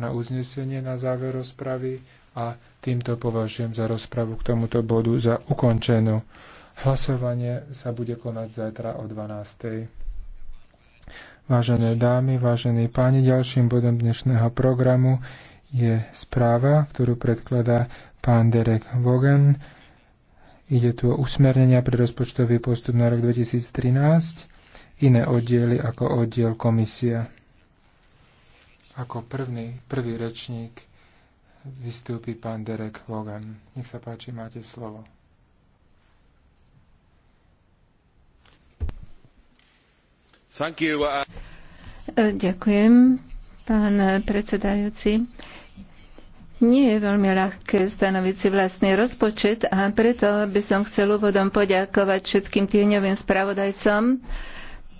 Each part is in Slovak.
na uznesenie na záver rozpravy a týmto považujem za rozpravu k tomuto bodu za ukončenú. Hlasovanie sa bude konať zajtra o 12.00. Vážené dámy, vážení páni, ďalším bodom dnešného programu je správa, ktorú predkladá pán Derek Vogen. Ide tu o usmernenia pre rozpočtový postup na rok 2013, iné oddiely ako oddiel komisia. Ako prvný, prvý rečník vystúpi pán Derek Logan. Nech sa páči, máte slovo. Thank you. Uh, e, ďakujem, pán predsedajúci. Nie je veľmi ľahké stanoviť si vlastný rozpočet a preto by som chcel úvodom poďakovať všetkým tieňovým spravodajcom,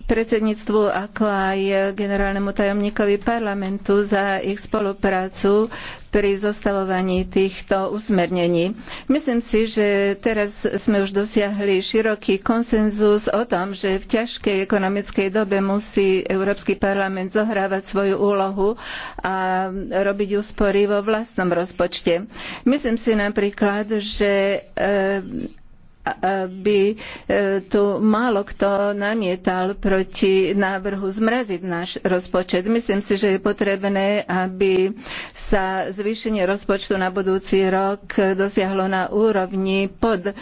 predsedníctvu, ako aj generálnemu tajomníkovi parlamentu za ich spoluprácu pri zostavovaní týchto usmernení. Myslím si, že teraz sme už dosiahli široký konsenzus o tom, že v ťažkej ekonomickej dobe musí Európsky parlament zohrávať svoju úlohu a robiť úspory vo vlastnom rozpočte. Myslím si napríklad, že by e, tu málo kto namietal proti návrhu zmraziť náš rozpočet. Myslím si, že je potrebné, aby sa zvýšenie rozpočtu na budúci rok dosiahlo na úrovni pod e,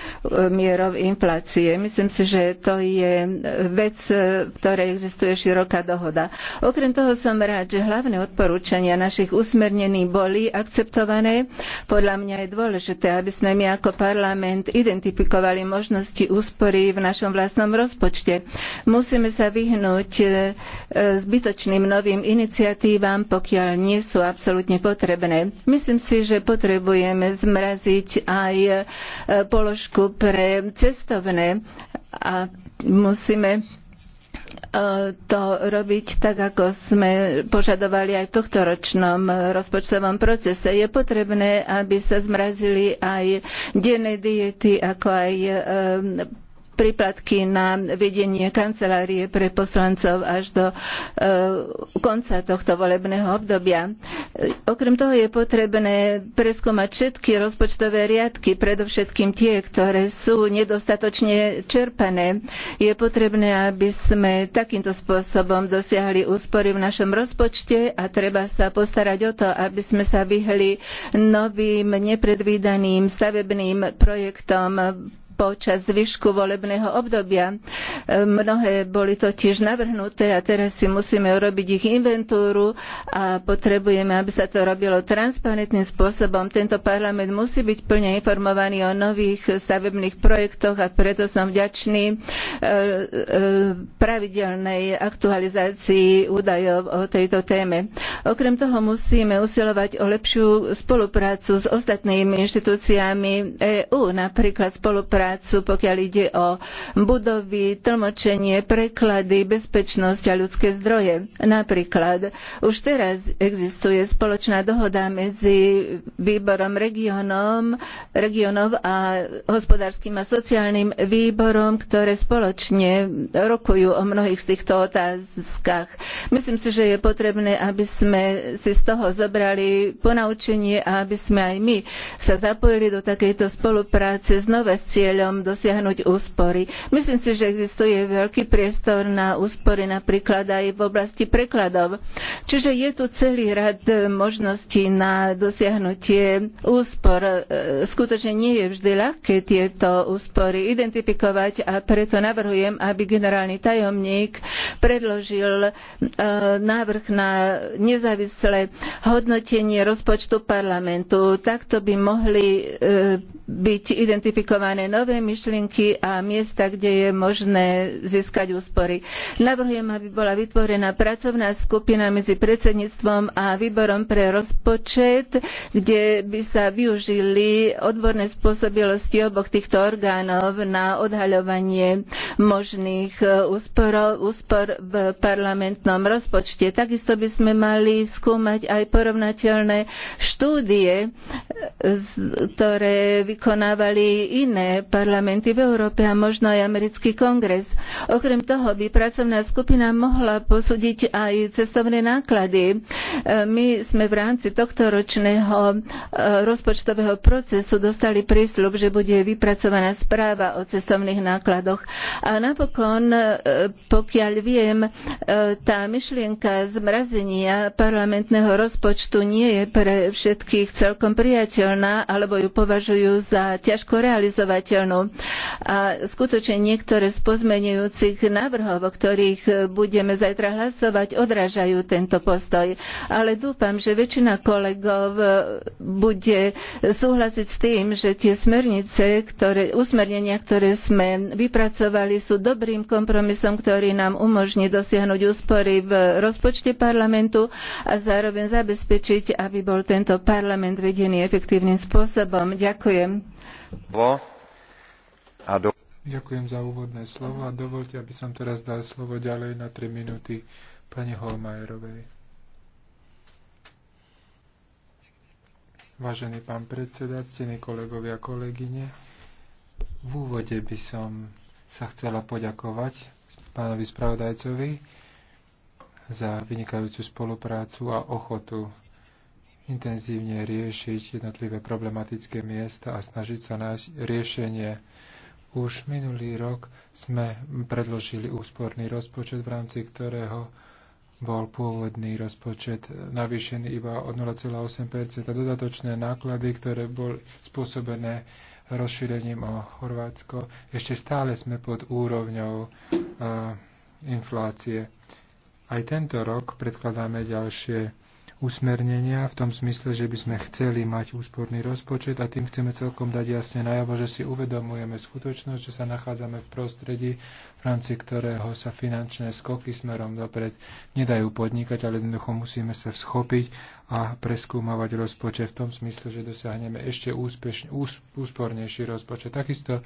mierou inflácie. Myslím si, že to je vec, e, v ktorej existuje široká dohoda. Okrem toho som rád, že hlavné odporúčania našich usmernení boli akceptované. Podľa mňa je dôležité, aby sme my ako parlament identifikovali analyzovali možnosti úspory v našom vlastnom rozpočte. Musíme sa vyhnúť e, e, zbytočným novým iniciatívam, pokiaľ nie sú absolútne potrebné. Myslím si, že potrebujeme zmraziť aj e, položku pre cestovné a musíme E, to robiť tak, ako sme požadovali aj v tohtoročnom rozpočtovom procese. Je potrebné, aby sa zmrazili aj denné diety, ako aj príplatky na vedenie kancelárie pre poslancov až do e, konca tohto volebného obdobia. Okrem toho je potrebné preskúmať všetky rozpočtové riadky, predovšetkým tie, ktoré sú nedostatočne čerpané. Je potrebné, aby sme takýmto spôsobom dosiahli úspory v našom rozpočte a treba sa postarať o to, aby sme sa vyhli novým nepredvídaným stavebným projektom počas zvyšku volebného obdobia. Mnohé boli totiž navrhnuté a teraz si musíme urobiť ich inventúru a potrebujeme, aby sa to robilo transparentným spôsobom. Tento parlament musí byť plne informovaný o nových stavebných projektoch a preto som vďačný e, e, pravidelnej aktualizácii údajov o tejto téme. Okrem toho musíme usilovať o lepšiu spoluprácu s ostatnými inštitúciami EÚ, napríklad spoluprácu prácu, pokiaľ ide o budovy, tlmočenie, preklady, bezpečnosť a ľudské zdroje. Napríklad už teraz existuje spoločná dohoda medzi výborom regionom, regionov a hospodárskym a sociálnym výborom, ktoré spoločne rokujú o mnohých z týchto otázkach. Myslím si, že je potrebné, aby sme si z toho zobrali ponaučenie a aby sme aj my sa zapojili do takejto spolupráce znova s cieľom cieľom dosiahnuť úspory. Myslím si, že existuje veľký priestor na úspory napríklad aj v oblasti prekladov. Čiže je tu celý rad e, možností na dosiahnutie úspor. E, skutočne nie je vždy ľahké tieto úspory identifikovať a preto navrhujem, aby generálny tajomník predložil e, návrh na nezávislé hodnotenie rozpočtu parlamentu. Takto by mohli byť identifikované nové nové myšlienky a miesta, kde je možné získať úspory. Navrhujem, aby bola vytvorená pracovná skupina medzi predsedníctvom a výborom pre rozpočet, kde by sa využili odborné spôsobilosti oboch týchto orgánov na odhaľovanie možných e, úspor, úspor v parlamentnom rozpočte. Takisto by sme mali skúmať aj porovnateľné štúdie, ktoré vykonávali iné parlamenty v Európe a možno aj americký kongres. Okrem toho by pracovná skupina mohla posúdiť aj cestovné náklady. E, my sme v rámci tohto ročného e, rozpočtového procesu dostali prísľub, že bude vypracovaná správa o cestovných nákladoch. A napokon, e, pokiaľ viem, tá myšlienka zmrazenia parlamentného rozpočtu nie je pre všetkých celkom priateľná, alebo ju považujú za ťažko realizovateľnú udržateľnú. A skutočne niektoré z pozmenujúcich návrhov, o ktorých budeme zajtra hlasovať, odrážajú tento postoj. Ale dúfam, že väčšina kolegov bude súhlasiť s tým, že tie smernice, ktoré, usmernenia, ktoré sme vypracovali, sú dobrým kompromisom, ktorý nám umožní dosiahnuť úspory v rozpočte parlamentu a zároveň zabezpečiť, aby bol tento parlament vedený efektívnym spôsobom. Ďakujem. Bo. A do... Ďakujem za úvodné slovo a dovolte, aby som teraz dal slovo ďalej na 3 minúty pani Holmajerovej. Vážený pán predseda, ctení kolegovia a kolegyne, v úvode by som sa chcela poďakovať pánovi spravodajcovi za vynikajúcu spoluprácu a ochotu intenzívne riešiť jednotlivé problematické miesta a snažiť sa nájsť riešenie už minulý rok sme predložili úsporný rozpočet, v rámci ktorého bol pôvodný rozpočet navýšený iba o 0,8 Dodatočné náklady, ktoré boli spôsobené rozšírením o Chorvátsko, ešte stále sme pod úrovňou uh, inflácie. Aj tento rok predkladáme ďalšie usmernenia v tom smysle, že by sme chceli mať úsporný rozpočet a tým chceme celkom dať jasne najavo, že si uvedomujeme skutočnosť, že sa nachádzame v prostredí, v rámci ktorého sa finančné skoky smerom dopred nedajú podnikať, ale jednoducho musíme sa schopiť a preskúmavať rozpočet v tom smysle, že dosiahneme ešte úspešne, ús, úspornejší rozpočet. Takisto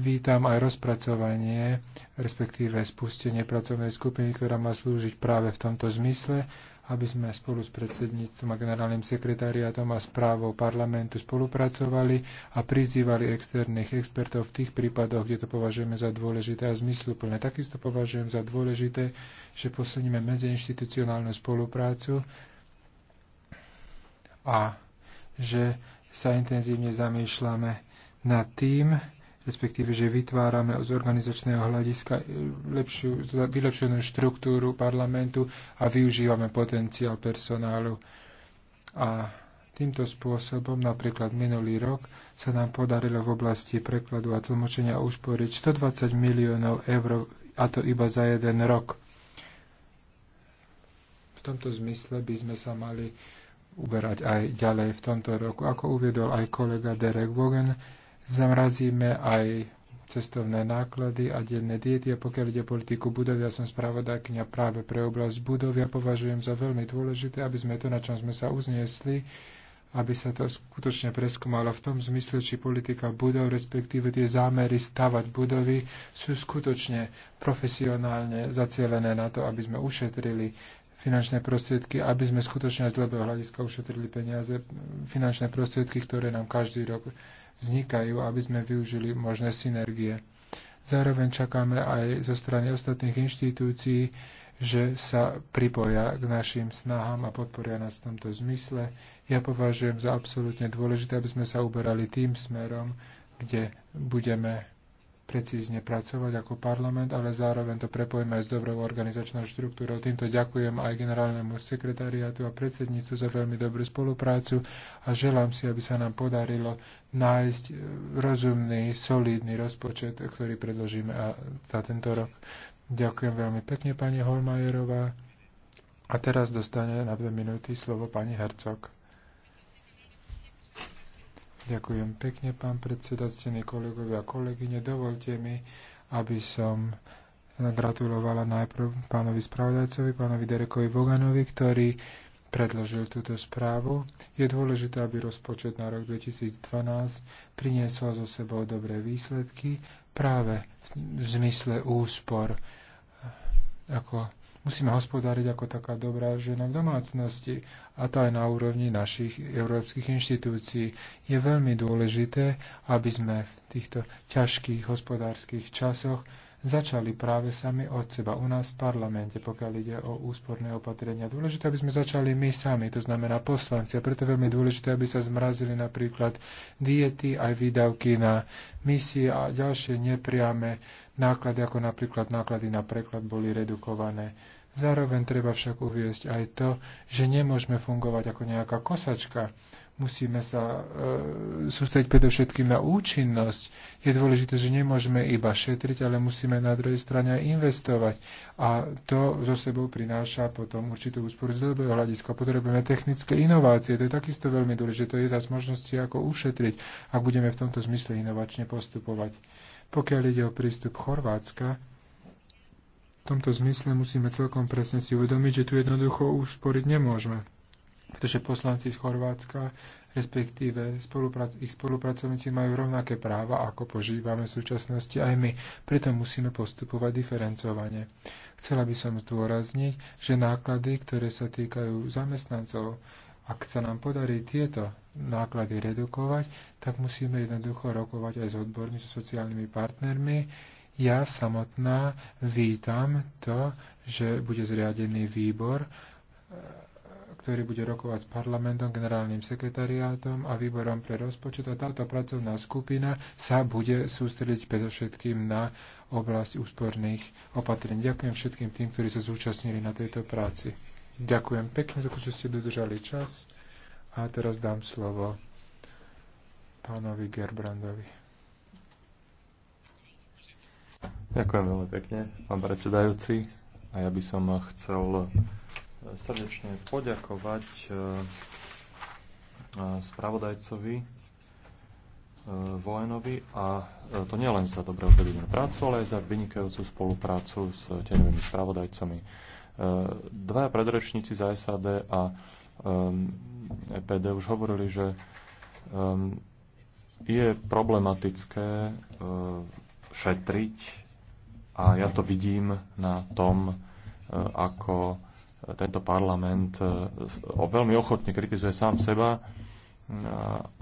vítam aj rozpracovanie, respektíve spustenie pracovnej skupiny, ktorá má slúžiť práve v tomto zmysle aby sme spolu s predsedníctvom a generálnym sekretariátom a správou parlamentu spolupracovali a prizývali externých expertov v tých prípadoch, kde to považujeme za dôležité a zmysluplné. Takisto považujem za dôležité, že posuníme medziinstitucionálnu spoluprácu a že sa intenzívne zamýšľame nad tým, respektíve, že vytvárame z organizačného hľadiska e, lepšiu, vylepšenú štruktúru parlamentu a využívame potenciál personálu. A týmto spôsobom, napríklad minulý rok, sa nám podarilo v oblasti prekladu a tlmočenia úsporiť 120 miliónov eur, a to iba za jeden rok. V tomto zmysle by sme sa mali uberať aj ďalej v tomto roku. Ako uviedol aj kolega Derek Wogan, Zamrazíme aj cestovné náklady a denné diety a pokiaľ ide politiku budov, ja som spravodajkňa práve pre oblasť budov. Ja považujem za veľmi dôležité, aby sme to, na čom sme sa uzniesli, aby sa to skutočne preskúmalo v tom zmysle, či politika budov, respektíve tie zámery stavať budovy sú skutočne profesionálne zacielené na to, aby sme ušetrili finančné prostriedky, aby sme skutočne z dlhého hľadiska ušetrili peniaze, finančné prostriedky, ktoré nám každý rok vznikajú, aby sme využili možné synergie. Zároveň čakáme aj zo strany ostatných inštitúcií, že sa pripoja k našim snahám a podporia nás v tomto zmysle. Ja považujem za absolútne dôležité, aby sme sa uberali tým smerom, kde budeme precízne pracovať ako parlament, ale zároveň to prepojíme aj s dobrou organizačnou štruktúrou. Týmto ďakujem aj generálnemu sekretariátu a predsednícu za veľmi dobrú spoluprácu a želám si, aby sa nám podarilo nájsť e, rozumný, solídny rozpočet, ktorý predložíme a za tento rok. Ďakujem veľmi pekne, pani Holmajerová. A teraz dostane na dve minúty slovo pani Hercog. Ďakujem pekne, pán predseda, ctení kolegovia a kolegyne. Dovolte mi, aby som gratulovala najprv pánovi spravodajcovi, pánovi Derekovi Voganovi, ktorý predložil túto správu. Je dôležité, aby rozpočet na rok 2012 priniesol zo sebou dobré výsledky práve v zmysle úspor, ako Musíme hospodáriť ako taká dobrá žena v domácnosti a to aj na úrovni našich európskych inštitúcií. Je veľmi dôležité, aby sme v týchto ťažkých hospodárskych časoch začali práve sami od seba u nás v parlamente, pokiaľ ide o úsporné opatrenia. Dôležité, aby sme začali my sami, to znamená poslanci. A preto veľmi dôležité, aby sa zmrazili napríklad diety, aj výdavky na misie a ďalšie nepriame náklady, ako napríklad náklady na preklad, boli redukované. Zároveň treba však uviesť aj to, že nemôžeme fungovať ako nejaká kosačka. Musíme sa e, sústrediť predovšetkým na účinnosť. Je dôležité, že nemôžeme iba šetriť, ale musíme na druhej strane aj investovať. A to zo sebou prináša potom určitú úsporu z dlhodobého hľadiska. Potrebujeme technické inovácie. To je takisto veľmi dôležité. To je jedna z možností, ako ušetriť, ak budeme v tomto zmysle inovačne postupovať. Pokiaľ ide o prístup Chorvátska, v tomto zmysle musíme celkom presne si uvedomiť, že tu jednoducho usporiť nemôžeme pretože poslanci z Chorvátska, respektíve spoluprac- ich spolupracovníci majú rovnaké práva, ako požívame v súčasnosti aj my. Preto musíme postupovať diferencovane. Chcela by som zdôrazniť, že náklady, ktoré sa týkajú zamestnancov, ak sa nám podarí tieto náklady redukovať, tak musíme jednoducho rokovať aj s odbormi, so sociálnymi partnermi. Ja samotná vítam to, že bude zriadený výbor ktorý bude rokovať s parlamentom, generálnym sekretariátom a výborom pre rozpočet. A táto pracovná skupina sa bude sústrediť predovšetkým na oblasť úsporných opatrení. Ďakujem všetkým tým, ktorí sa zúčastnili na tejto práci. Ďakujem pekne za to, že ste dodržali čas. A teraz dám slovo pánovi Gerbrandovi. Ďakujem veľmi pekne, pán predsedajúci. A ja by som chcel srdečne poďakovať e, e, spravodajcovi e, Vojenovi a to nielen za dobre odvedenú prácu, ale aj za vynikajúcu spoluprácu s tenovými spravodajcami. Dvaja predrečníci za SAD a EPD už hovorili, že je problematické šetriť a ja to vidím na tom, ako tento parlament e, veľmi ochotne kritizuje sám seba e,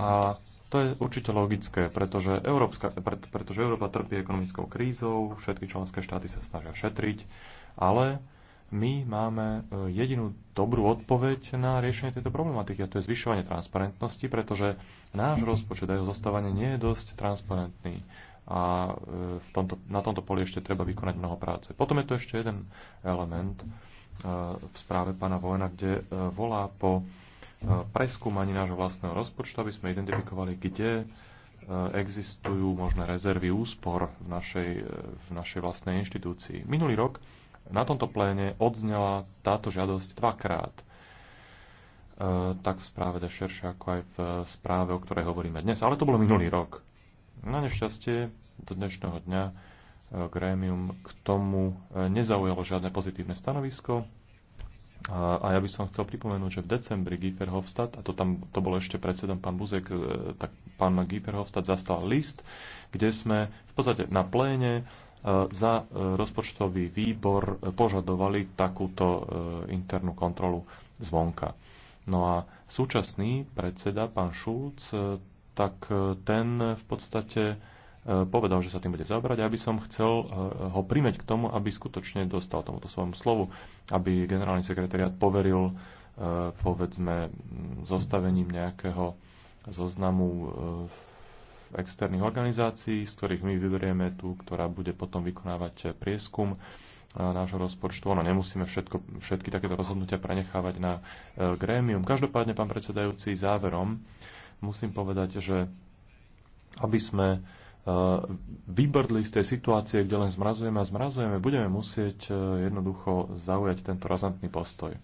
a to je určite logické, pretože, Európska, pretože Európa trpí ekonomickou krízou, všetky členské štáty sa snažia šetriť, ale my máme e, jedinú dobrú odpoveď na riešenie tejto problematiky a to je zvyšovanie transparentnosti, pretože náš rozpočet a jeho zostávanie nie je dosť transparentný a v tomto, na tomto poli ešte treba vykonať mnoho práce. Potom je to ešte jeden element, E, v správe pána Vojna, kde e, volá po e, preskúmaní nášho vlastného rozpočtu, aby sme identifikovali, kde existujú možné rezervy úspor v našej, v našej vlastnej inštitúcii. Minulý rok na tomto pléne odznela táto žiadosť dvakrát. Tak v správe Dešerša, ako aj v správe, o ktorej hovoríme dnes. Ale to bolo minulý rok. Na nešťastie do dnešného dňa grémium k tomu e, nezaujalo žiadne pozitívne stanovisko. A ja by som chcel pripomenúť, že v decembri Gieferhofstadt, a to, tam, to bolo ešte predsedom pán Buzek, e, tak pán Gieferhofstadt zastal list, kde sme v podstate na pléne e, za rozpočtový výbor požadovali takúto internú kontrolu zvonka. No a súčasný predseda, pán Šulc, tak ten v podstate povedal, že sa tým bude zaoberať a aby som chcel eh, ho primeť k tomu, aby skutočne dostal tomuto svojmu slovu, aby generálny sekretariat poveril eh, povedzme zostavením nejakého zoznamu eh, externých organizácií, z ktorých my vyberieme tú, ktorá bude potom vykonávať prieskum nášho rozpočtu. Ono nemusíme všetko, všetky takéto rozhodnutia prenechávať na grémium. Každopádne, pán predsedajúci, záverom musím povedať, že aby sme vybrdli z tej situácie, kde len zmrazujeme a zmrazujeme, budeme musieť e, jednoducho zaujať tento razantný postoj.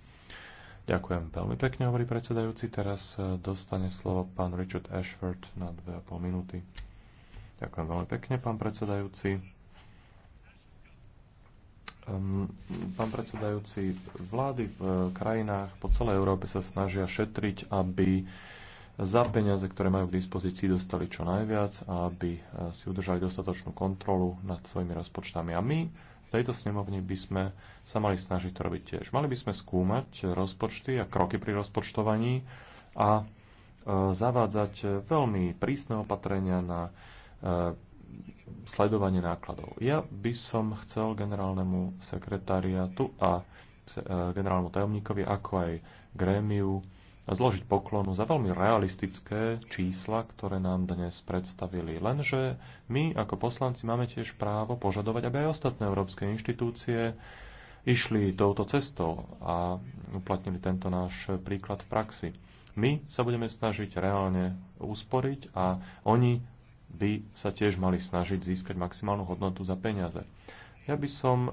Ďakujem veľmi pekne, hovorí predsedajúci. Teraz e, dostane slovo pán Richard Ashford na 2,5 minúty. Ďakujem veľmi pekne, pán predsedajúci. Pán predsedajúci, vlády v e, krajinách po celej Európe sa snažia šetriť, aby za peniaze, ktoré majú k dispozícii, dostali čo najviac a aby eh, si udržali dostatočnú kontrolu nad svojimi rozpočtami. A my v tejto snemovni by sme sa mali snažiť to robiť tiež. Mali by sme skúmať rozpočty a kroky pri rozpočtovaní a eh, zavádzať veľmi prísne opatrenia na eh, sledovanie nákladov. Ja by som chcel generálnemu sekretariatu a generálnemu tajomníkovi, ako aj grémiu, zložiť poklonu za veľmi realistické čísla, ktoré nám dnes predstavili. Lenže my ako poslanci máme tiež právo požadovať, aby aj ostatné európske inštitúcie išli touto cestou a uplatnili tento náš príklad v praxi. My sa budeme snažiť reálne usporiť a oni by sa tiež mali snažiť získať maximálnu hodnotu za peniaze. Ja by som eh,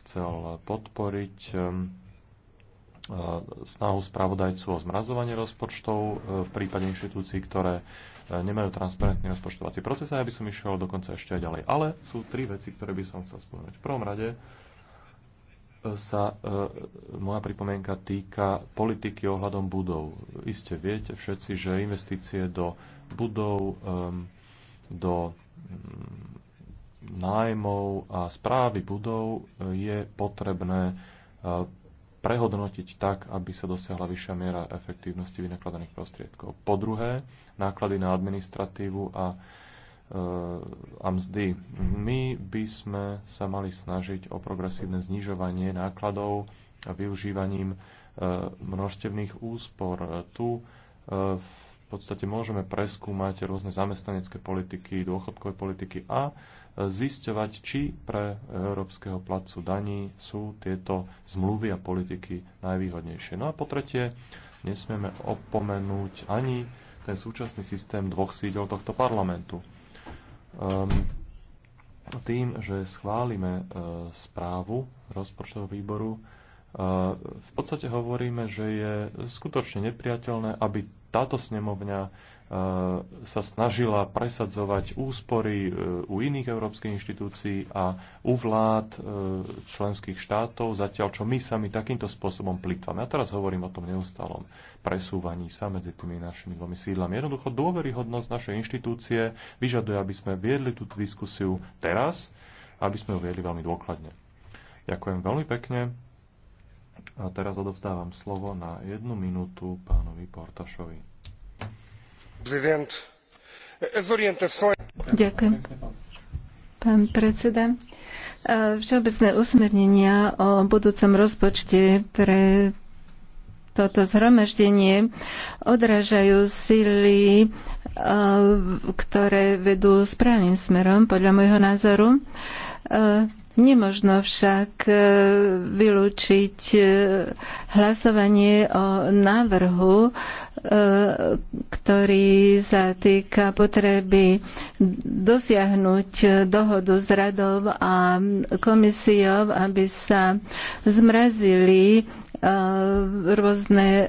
chcel podporiť eh, snahu spravodajcu o zmrazovanie rozpočtov e, v prípade inštitúcií, ktoré e, nemajú transparentný rozpočtovací proces a ja by som išiel dokonca ešte aj ďalej. Ale sú tri veci, ktoré by som chcel spomenúť. V prvom rade e, sa e, moja pripomienka týka politiky ohľadom budov. Iste viete všetci, že investície do budov, e, do mm, nájmov a správy budov je potrebné prehodnotiť tak, aby sa dosiahla vyššia miera efektívnosti vynakladaných prostriedkov. Po druhé, náklady na administratívu a, e, a mzdy. My by sme sa mali snažiť o progresívne znižovanie nákladov a využívaním e, množstevných úspor. Tu e, v podstate môžeme preskúmať rôzne zamestnanecké politiky, dôchodkové politiky a zisťovať, či pre európskeho placu daní sú tieto zmluvy a politiky najvýhodnejšie. No a po tretie, nesmieme opomenúť ani ten súčasný systém dvoch sídel tohto parlamentu. Um, tým, že schválime uh, správu rozpočtového výboru, uh, v podstate hovoríme, že je skutočne nepriateľné, aby táto snemovňa sa snažila presadzovať úspory e, u iných európskych inštitúcií a u vlád e, členských štátov, zatiaľ čo my sami takýmto spôsobom plýtvame. A teraz hovorím o tom neustálom presúvaní sa medzi tými našimi dvomi sídlami. Jednoducho dôveryhodnosť našej inštitúcie vyžaduje, aby sme viedli túto diskusiu teraz, aby sme ju viedli veľmi dôkladne. Ďakujem veľmi pekne. A teraz odovzdávam slovo na jednu minútu pánovi Portašovi. Ďakujem. Pán predseda, e, všeobecné usmernenia o budúcom rozpočte pre toto zhromaždenie odrážajú sily, e, ktoré vedú správnym smerom, podľa môjho názoru e, Nemožno však e, vylúčiť e, hlasovanie o návrhu, e, ktorý sa týka potreby dosiahnuť dohodu s radou a komisiou, aby sa zmrazili Eh, rôzne eh,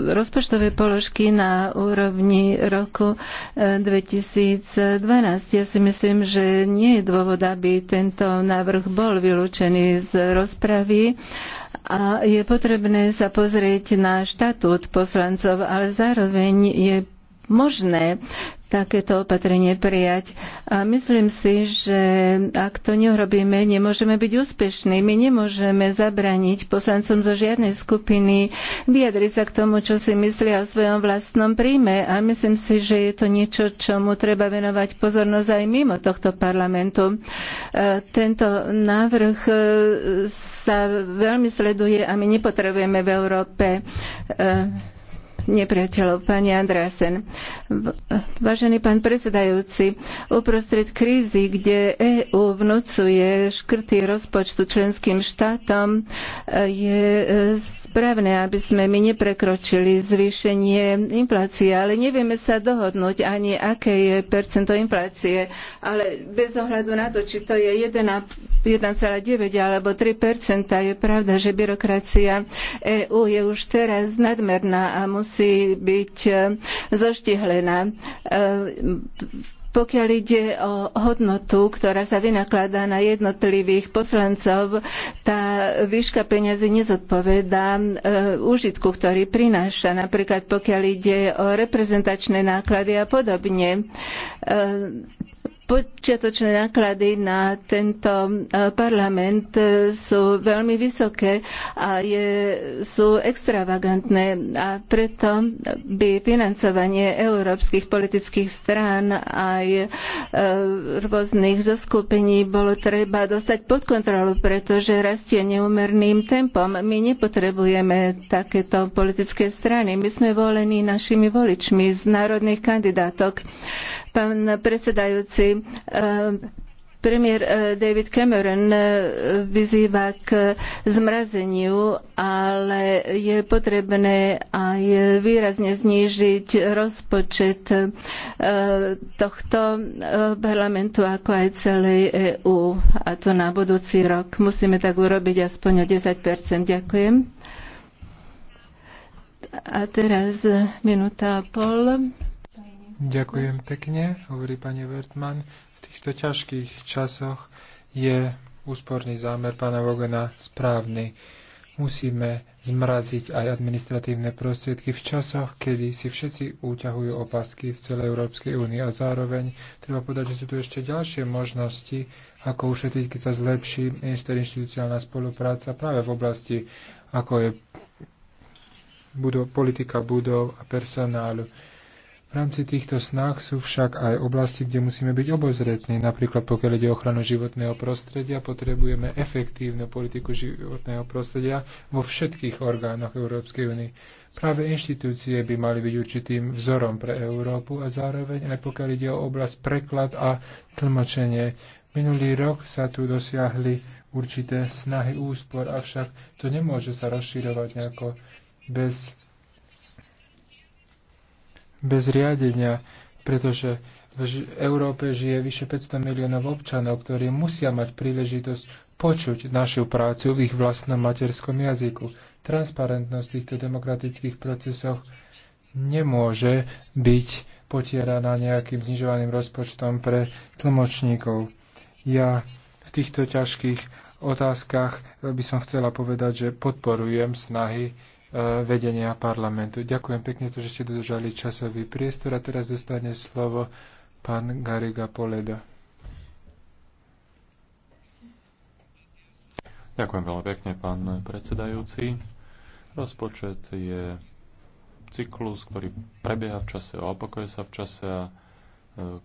rozpočtové položky na úrovni roku 2012. Eh, ja si myslím, že nie je dôvod, aby tento návrh bol vylúčený z rozpravy a je potrebné sa pozrieť na štatút poslancov, ale zároveň je možné takéto opatrenie prijať. A myslím si, že ak to neurobíme, nemôžeme byť úspešní. My nemôžeme zabraniť poslancom zo žiadnej skupiny vyjadriť sa k tomu, čo si myslia o svojom vlastnom príjme. A myslím si, že je to niečo, čomu treba venovať pozornosť aj mimo tohto parlamentu. E, tento návrh e, sa veľmi sleduje a my nepotrebujeme v Európe e, nepriateľov. Pani Andrásen, vážený pán predsedajúci, uprostred krízy, kde EÚ vnúcuje škrty rozpočtu členským štátom, je e, správne, aby sme my neprekročili zvýšenie inflácie, ale nevieme sa dohodnúť ani, aké je percento inflácie. Ale bez ohľadu na to, či to je 1,9 alebo 3 je pravda, že byrokracia EÚ je už teraz nadmerná a musí byť eh, zoštihlená eh, pokiaľ ide o hodnotu, ktorá sa vynakladá na jednotlivých poslancov, tá výška peňazí nezodpovedá e, úžitku, ktorý prináša. Napríklad pokiaľ ide o reprezentačné náklady a podobne. E, Počiatočné náklady na tento eh, parlament eh, sú veľmi vysoké a je, sú extravagantné a preto by financovanie európskych politických strán aj eh, rôznych zoskupení bolo treba dostať pod kontrolu, pretože rastie neumerným tempom. My nepotrebujeme takéto politické strany. My sme volení našimi voličmi z národných kandidátok. Pán predsedajúci, eh, Premiér eh, David Cameron eh, vyzýva k zmrazeniu, ale je potrebné aj výrazne znížiť rozpočet tohto parlamentu, ako aj celej EÚ. A to na budúci rok. Musíme tak urobiť aspoň o 10 Ďakujem. A teraz minúta a pol. Ďakujem pekne, hovorí pani Wertmann. V týchto ťažkých časoch je úsporný zámer pána Vogena správny. Musíme zmraziť aj administratívne prostriedky v časoch, kedy si všetci úťahujú opasky v celej Európskej únii a zároveň treba povedať, že sú tu ešte ďalšie možnosti, ako ušetriť, keď sa zlepší interinstitucionálna spolupráca práve v oblasti, ako je budov, politika budov a personálu v rámci týchto snách sú však aj oblasti, kde musíme byť obozretní. Napríklad pokiaľ ide o ochranu životného prostredia, potrebujeme efektívnu politiku životného prostredia vo všetkých orgánoch Európskej únie. Práve inštitúcie by mali byť určitým vzorom pre Európu a zároveň aj pokiaľ ide o oblasť preklad a tlmočenie. Minulý rok sa tu dosiahli určité snahy úspor, avšak to nemôže sa rozširovať nejako bez bez riadenia, pretože v Európe žije vyše 500 miliónov občanov, ktorí musia mať príležitosť počuť našu prácu v ich vlastnom materskom jazyku. Transparentnosť v týchto demokratických procesoch nemôže byť potieraná nejakým znižovaným rozpočtom pre tlmočníkov. Ja v týchto ťažkých otázkach by som chcela povedať, že podporujem snahy E, vedenia parlamentu. Ďakujem pekne, to, že ste dodržali časový priestor a teraz dostane slovo pán Gariga Poleda. Ďakujem veľmi pekne, pán predsedajúci. Rozpočet je cyklus, ktorý prebieha v čase a opakuje sa v čase a e,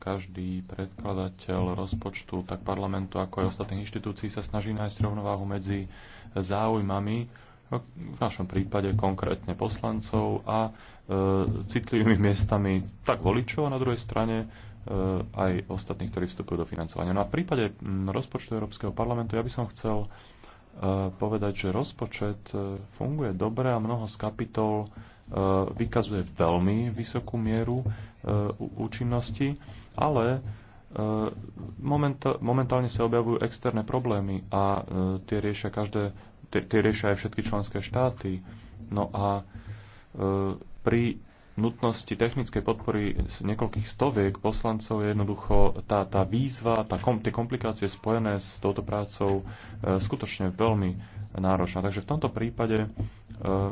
každý predkladateľ rozpočtu, tak parlamentu, ako aj ostatných inštitúcií sa snaží nájsť rovnováhu medzi záujmami v našom prípade konkrétne poslancov a e, citlivými miestami tak voličov a na druhej strane e, aj ostatných, ktorí vstupujú do financovania. No a v prípade rozpočtu Európskeho parlamentu ja by som chcel e, povedať, že rozpočet e, funguje dobre a mnoho z kapitol e, vykazuje veľmi vysokú mieru e, účinnosti, ale e, Momentálne sa objavujú externé problémy a e, tie riešia každé tie riešia aj všetky členské štáty. No a e, pri nutnosti technickej podpory z niekoľkých stoviek poslancov je jednoducho tá, tá výzva, tá kom, tie komplikácie spojené s touto prácou e, skutočne veľmi náročná. Takže v tomto prípade e,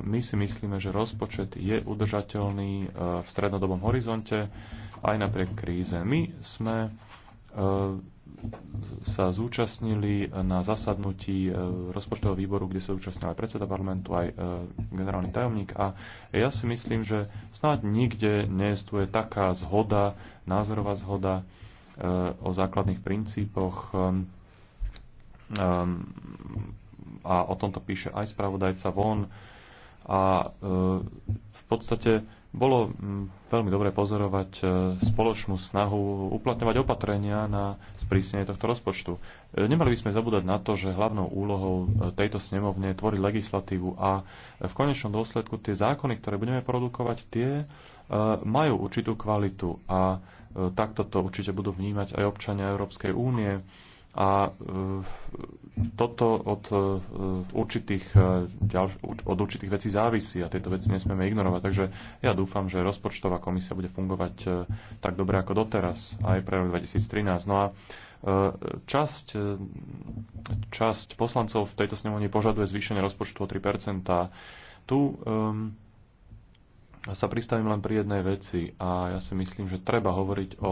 my si myslíme, že rozpočet je udržateľný e, v strednodobom horizonte aj napriek kríze. My sme e, sa zúčastnili na zasadnutí e, rozpočtového výboru, kde sa zúčastnil aj predseda parlamentu, aj e, generálny tajomník. A ja si myslím, že snáď nikde neestuje taká zhoda, názorová zhoda e, o základných princípoch. Ehm, ehm, a o tomto píše aj spravodajca von a e, v podstate bolo veľmi dobre pozorovať e, spoločnú snahu uplatňovať opatrenia na sprísnenie tohto rozpočtu. E, nemali by sme zabúdať na to, že hlavnou úlohou tejto snemovne je tvoriť legislatívu a v konečnom dôsledku tie zákony, ktoré budeme produkovať, tie majú určitú kvalitu a takto to určite budú vnímať aj občania Európskej únie a e, toto od e, určitých, e, od určitých vecí závisí a tieto veci nesmieme ignorovať. Takže ja dúfam, že rozpočtová komisia bude fungovať tak dobre ako doteraz aj pre rok 2013. No a časť, časť poslancov v tejto snemovni požaduje zvýšenie rozpočtu o 3%. A tu um, sa pristavím len pri jednej veci a ja si myslím, že treba hovoriť o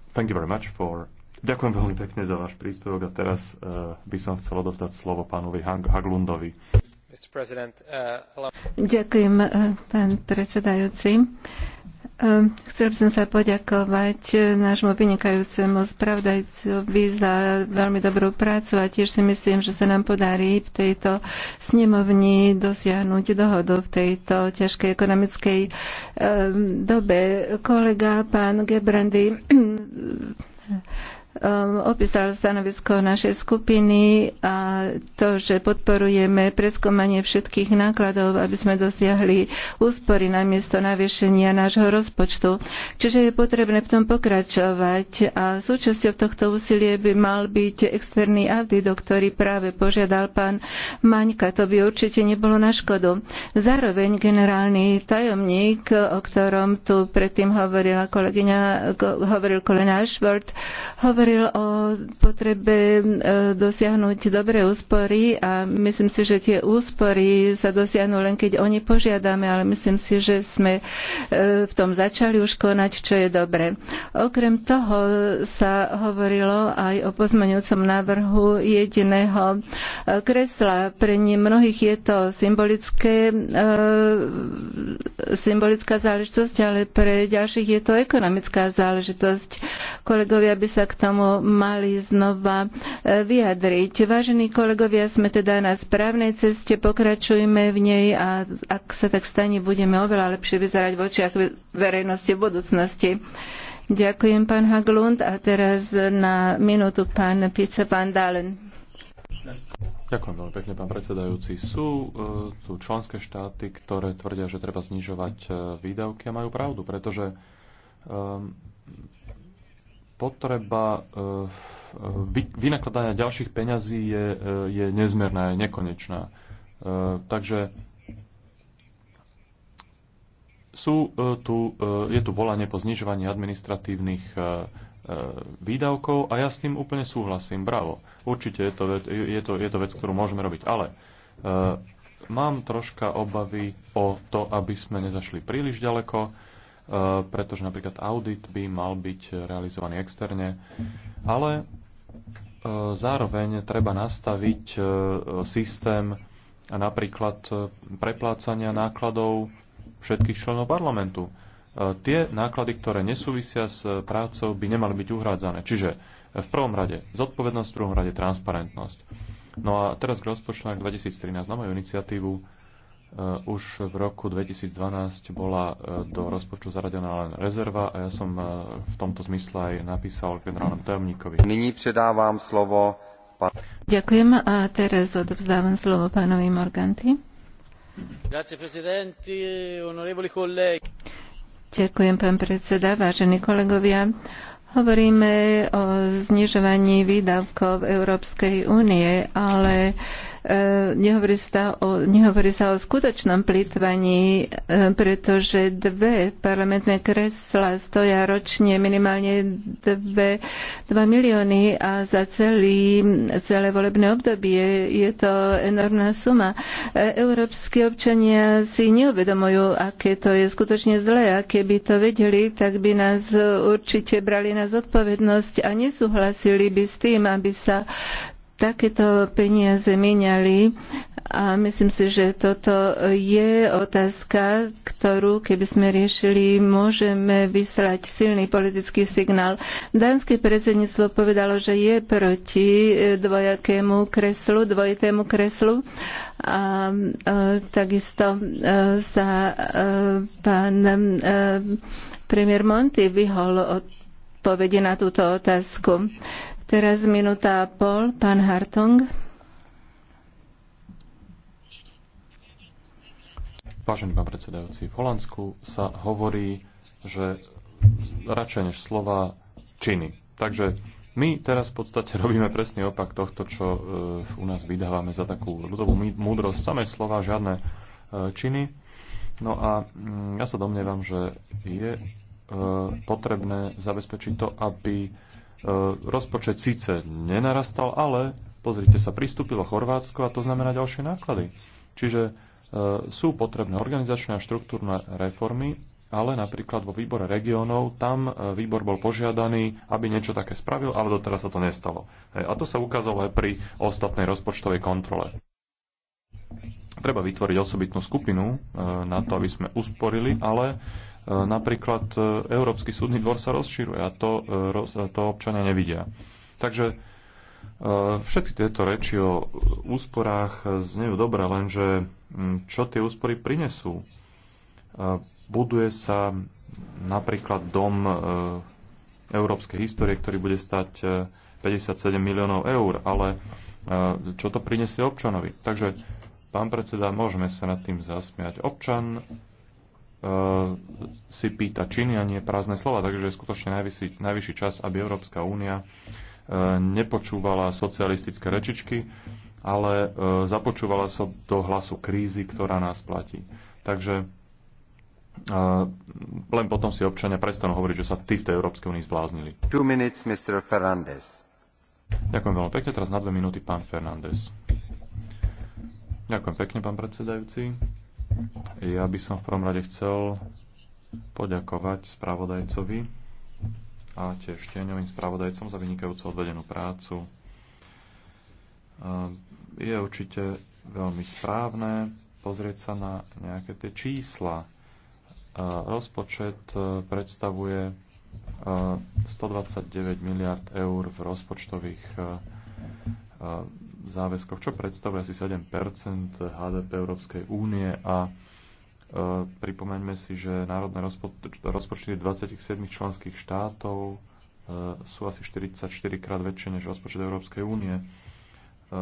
Thank you very much for... Ďakujem veľmi pekne za váš príspevok a teraz uh, by som chcel odovzdať slovo pánovi Haglundovi. Eh, ďakujem, uh, pán predsedajúci. Uh, Ehm, chcel by som sa poďakovať eh, nášmu vynikajúcemu spravdajcovi za veľmi dobrú prácu a tiež si myslím, že sa nám podarí v tejto snemovni dosiahnuť dohodu v tejto ťažkej ekonomickej ehm, dobe. Kolega pán Gebrandy ehm, Um, opísal stanovisko našej skupiny a to, že podporujeme preskomanie všetkých nákladov, aby sme dosiahli úspory namiesto navýšenia nášho rozpočtu. Čiže je potrebné v tom pokračovať a súčasťou tohto úsilie by mal byť externý audit, o ktorý práve požiadal pán Maňka. To by určite nebolo na škodu. Zároveň generálny tajomník, o ktorom tu predtým hovorila kolegyňa, hovoril kolega Ashford, hovoril hovoril o potrebe e, dosiahnuť dobré úspory a myslím si, že tie úspory sa dosiahnu len keď oni požiadame, ale myslím si, že sme e, v tom začali už konať, čo je dobre. Okrem toho sa hovorilo aj o pozmeňujúcom návrhu jediného e, kresla. Pre ní mnohých je to symbolické, symbolická záležitosť, ale pre ďalších je to ekonomická záležitosť. Kolegovia by sa k tomu tomu mali znova e, vyjadriť. Vážení kolegovia, sme teda na správnej ceste, pokračujme v nej a ak sa tak stane, budeme oveľa lepšie vyzerať v očiach verejnosti v budúcnosti. Ďakujem, pán Haglund. A teraz na minútu pán Pice van Dalen. Ďakujem veľmi pekne, pán predsedajúci. Sú e, tu členské štáty, ktoré tvrdia, že treba znižovať e, výdavky a majú pravdu, pretože um, potreba e, vynakladania ďalších peňazí je, e, je nezmerná, je nekonečná. E, takže sú tu, je tu volanie po znižovaní administratívnych výdavkov a ja s tým úplne súhlasím. Bravo. Určite je to vec, je to, je to vec ktorú môžeme robiť. Ale mám troška obavy o to, aby sme nezašli príliš ďaleko Eh, pretože napríklad audit by mal byť realizovaný externe, ale eh, zároveň treba nastaviť eh, systém napríklad preplácania nákladov všetkých členov parlamentu. Tie náklady, ktoré nesúvisia s prácou, by nemali byť uhrádzane. Čiže v prvom rade zodpovednosť, v druhom rade transparentnosť. No a teraz k rozpočtu 2013 na moju iniciatívu Eh, už v roku 2012 bola eh, do rozpočtu zaradená len rezerva a ja som eh, v tomto zmysle aj napísal generálnom tajomníkovi. Nyní predávam slovo Ďakujem a teraz odovzdávam slovo pánovi Morganti. Ďakujem, pán predseda, vážení kolegovia. Hovoríme o znižovaní výdavkov Európskej únie, ale E, nehovorí sa o, skutočnom plýtvaní, e, pretože dve parlamentné kresla stoja ročne minimálne dve 2 milióny a za celý, celé volebné obdobie je to enormná suma. E, európsky občania si neuvedomujú, aké to je skutočne zlé a keby to vedeli, tak by nás určite brali na zodpovednosť a nesúhlasili by s tým, aby sa takéto peniaze mieniali a myslím si, že toto je otázka, ktorú, keby sme riešili, môžeme vyslať silný politický signál. Dánske predsedníctvo povedalo, že je proti dvojakému kreslu, dvojitému kreslu a, e, takisto e, sa e, pán premiér Monty vyhol odpovede na túto otázku. Teraz minúta a pol, pán Hartong. Vážený pán predsedajúci, v Holandsku sa hovorí, že radšej než slova činy. Takže my teraz v podstate robíme presný opak tohto, čo e, u nás vydávame za takú ľudovú múdrosť. Samé slova, žiadne e, činy. No a mm, ja sa domnievam, že je e, potrebné zabezpečiť to, aby E, rozpočet síce nenarastal, ale pozrite sa, pristúpilo Chorvátsko a to znamená ďalšie náklady. Čiže e, sú potrebné organizačné a štruktúrne reformy, ale napríklad vo výbore regiónov, tam e, výbor bol požiadaný, aby niečo také spravil, ale doteraz sa to nestalo. A to sa ukázalo aj pri ostatnej rozpočtovej kontrole. Treba vytvoriť osobitnú skupinu na to, aby sme usporili, ale E, napríklad e, Európsky súdny dvor sa rozširuje a to, e, to občania nevidia. Takže všetky tieto reči o úsporách znejú dobre, lenže čo tie úspory prinesú? Buduje sa napríklad dom európskej histórie, ktorý bude stať 57 miliónov eur, ale čo to prinesie občanovi? Takže, pán predseda, môžeme sa nad tým zasmiať. Občan E, si pýta činy a nie prázdne slova. Takže je skutočne najvyšší, najvyšší čas, aby Európska únia e, nepočúvala socialistické rečičky, ale e, započúvala sa do hlasu krízy, ktorá nás platí. Takže len potom si občania prestanú hovoriť, že sa tí v tej Európskej únii zbláznili. Two minutes, Mr. Fernandez. Ďakujem veľmi pekne. Teraz na dve minúty pán Fernández. Ďakujem pekne, pán predsedajúci. Ja by som v prvom rade chcel poďakovať spravodajcovi a tiež tieňovým spravodajcom za vynikajúco odvedenú prácu. Ehm, je určite veľmi správne pozrieť sa na nejaké tie čísla. Ehm, rozpočet ehm, predstavuje 129 miliard eur v rozpočtových záväzkoch, čo predstavuje asi 7 HDP Európskej únie a e, pripomeňme si, že národné rozpo- rozpočty 27 členských štátov e, sú asi 44 krát väčšie než rozpočet Európskej únie. E,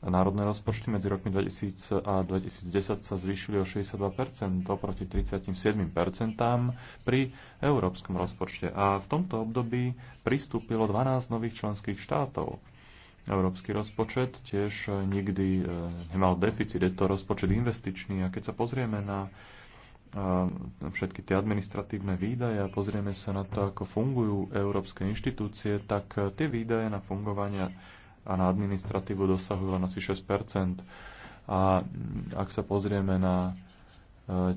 Národné rozpočty medzi rokmi 2000 a 2010 sa zvýšili o 62% oproti 37% pri európskom rozpočte a v tomto období pristúpilo 12 nových členských štátov. Európsky rozpočet tiež nikdy eh, nemal deficit, je to rozpočet investičný a keď sa pozrieme eh, na všetky tie administratívne výdaje a pozrieme sa na to, ako fungujú európske inštitúcie, tak eh, tie výdaje na fungovanie a na administratívu dosahujú len asi 6 A ak sa pozrieme na e,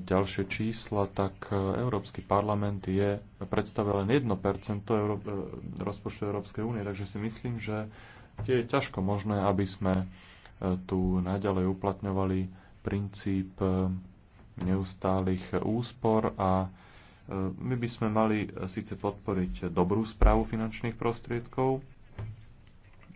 ďalšie čísla, tak e, Európsky parlament je predstavuje len 1 Euró- e, rozpočtu Európskej únie, takže si myslím, že tie je ťažko možné, aby sme tu naďalej uplatňovali princíp neustálych úspor a my by sme mali síce podporiť dobrú správu finančných prostriedkov,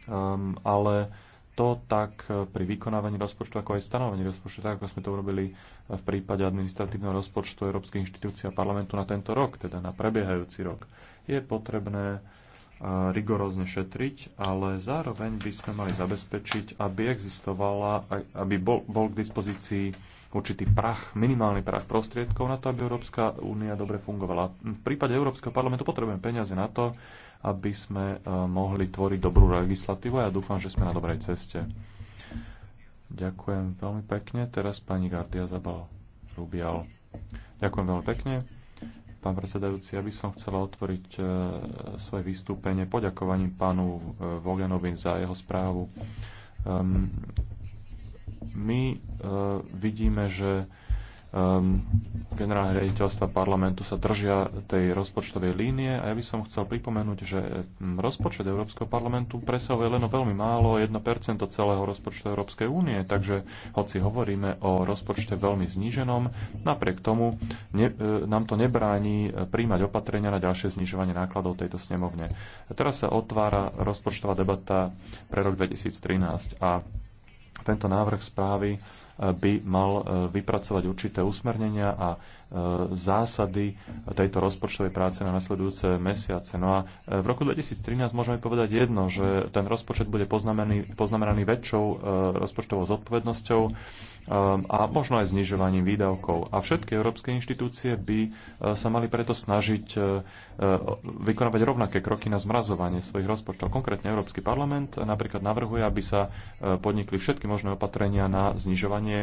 um, ale to tak eh, pri vykonávaní rozpočtu, ako aj stanovení rozpočtu, tak ako sme to urobili eh, v prípade administratívneho rozpočtu Európskej inštitúcie a parlamentu na tento rok, teda na prebiehajúci rok, je potrebné eh, rigorózne šetriť, ale zároveň by sme mali zabezpečiť, aby existovala, aby bol, bol k dispozícii určitý prach, minimálny prach prostriedkov na to, aby Európska únia dobre fungovala. V prípade Európskeho parlamentu potrebujeme peniaze na to, aby sme e, mohli tvoriť dobrú legislatívu. Ja dúfam, že sme na dobrej ceste. Ďakujem veľmi pekne. Teraz pani Gardia Zabal Rubial. Ďakujem veľmi pekne. Pán predsedajúci, ja by som chcela otvoriť e, svoje vystúpenie poďakovaním pánu e, Voganovi za jeho správu. Ehm, my vidíme, že um, generálne riaditeľstva parlamentu sa držia tej rozpočtovej línie a ja by som chcel pripomenúť, že ehm, rozpočet Európskeho parlamentu presahuje len o veľmi málo 1% celého rozpočtu Európskej únie, takže hoci hovoríme o rozpočte veľmi zníženom, napriek tomu ne, e, nám to nebráni e, príjmať opatrenia na ďalšie znižovanie nákladov tejto snemovne. Teraz sa otvára rozpočtová debata pre rok 2013 a tento návrh správy by mal e, vypracovať určité usmernenia a e, zásady tejto rozpočtovej práce na nasledujúce mesiace. No a e, v roku 2013 môžeme povedať jedno, že ten rozpočet bude poznamenaný, poznamenaný väčšou rozpočtovou zodpovednosťou a možno aj znižovaním výdavkov. A všetky európske inštitúcie by sa mali preto snažiť vykonávať rovnaké kroky na zmrazovanie svojich rozpočtov. Konkrétne Európsky parlament napríklad navrhuje, aby sa podnikli všetky možné opatrenia na znižovanie zvyšovanie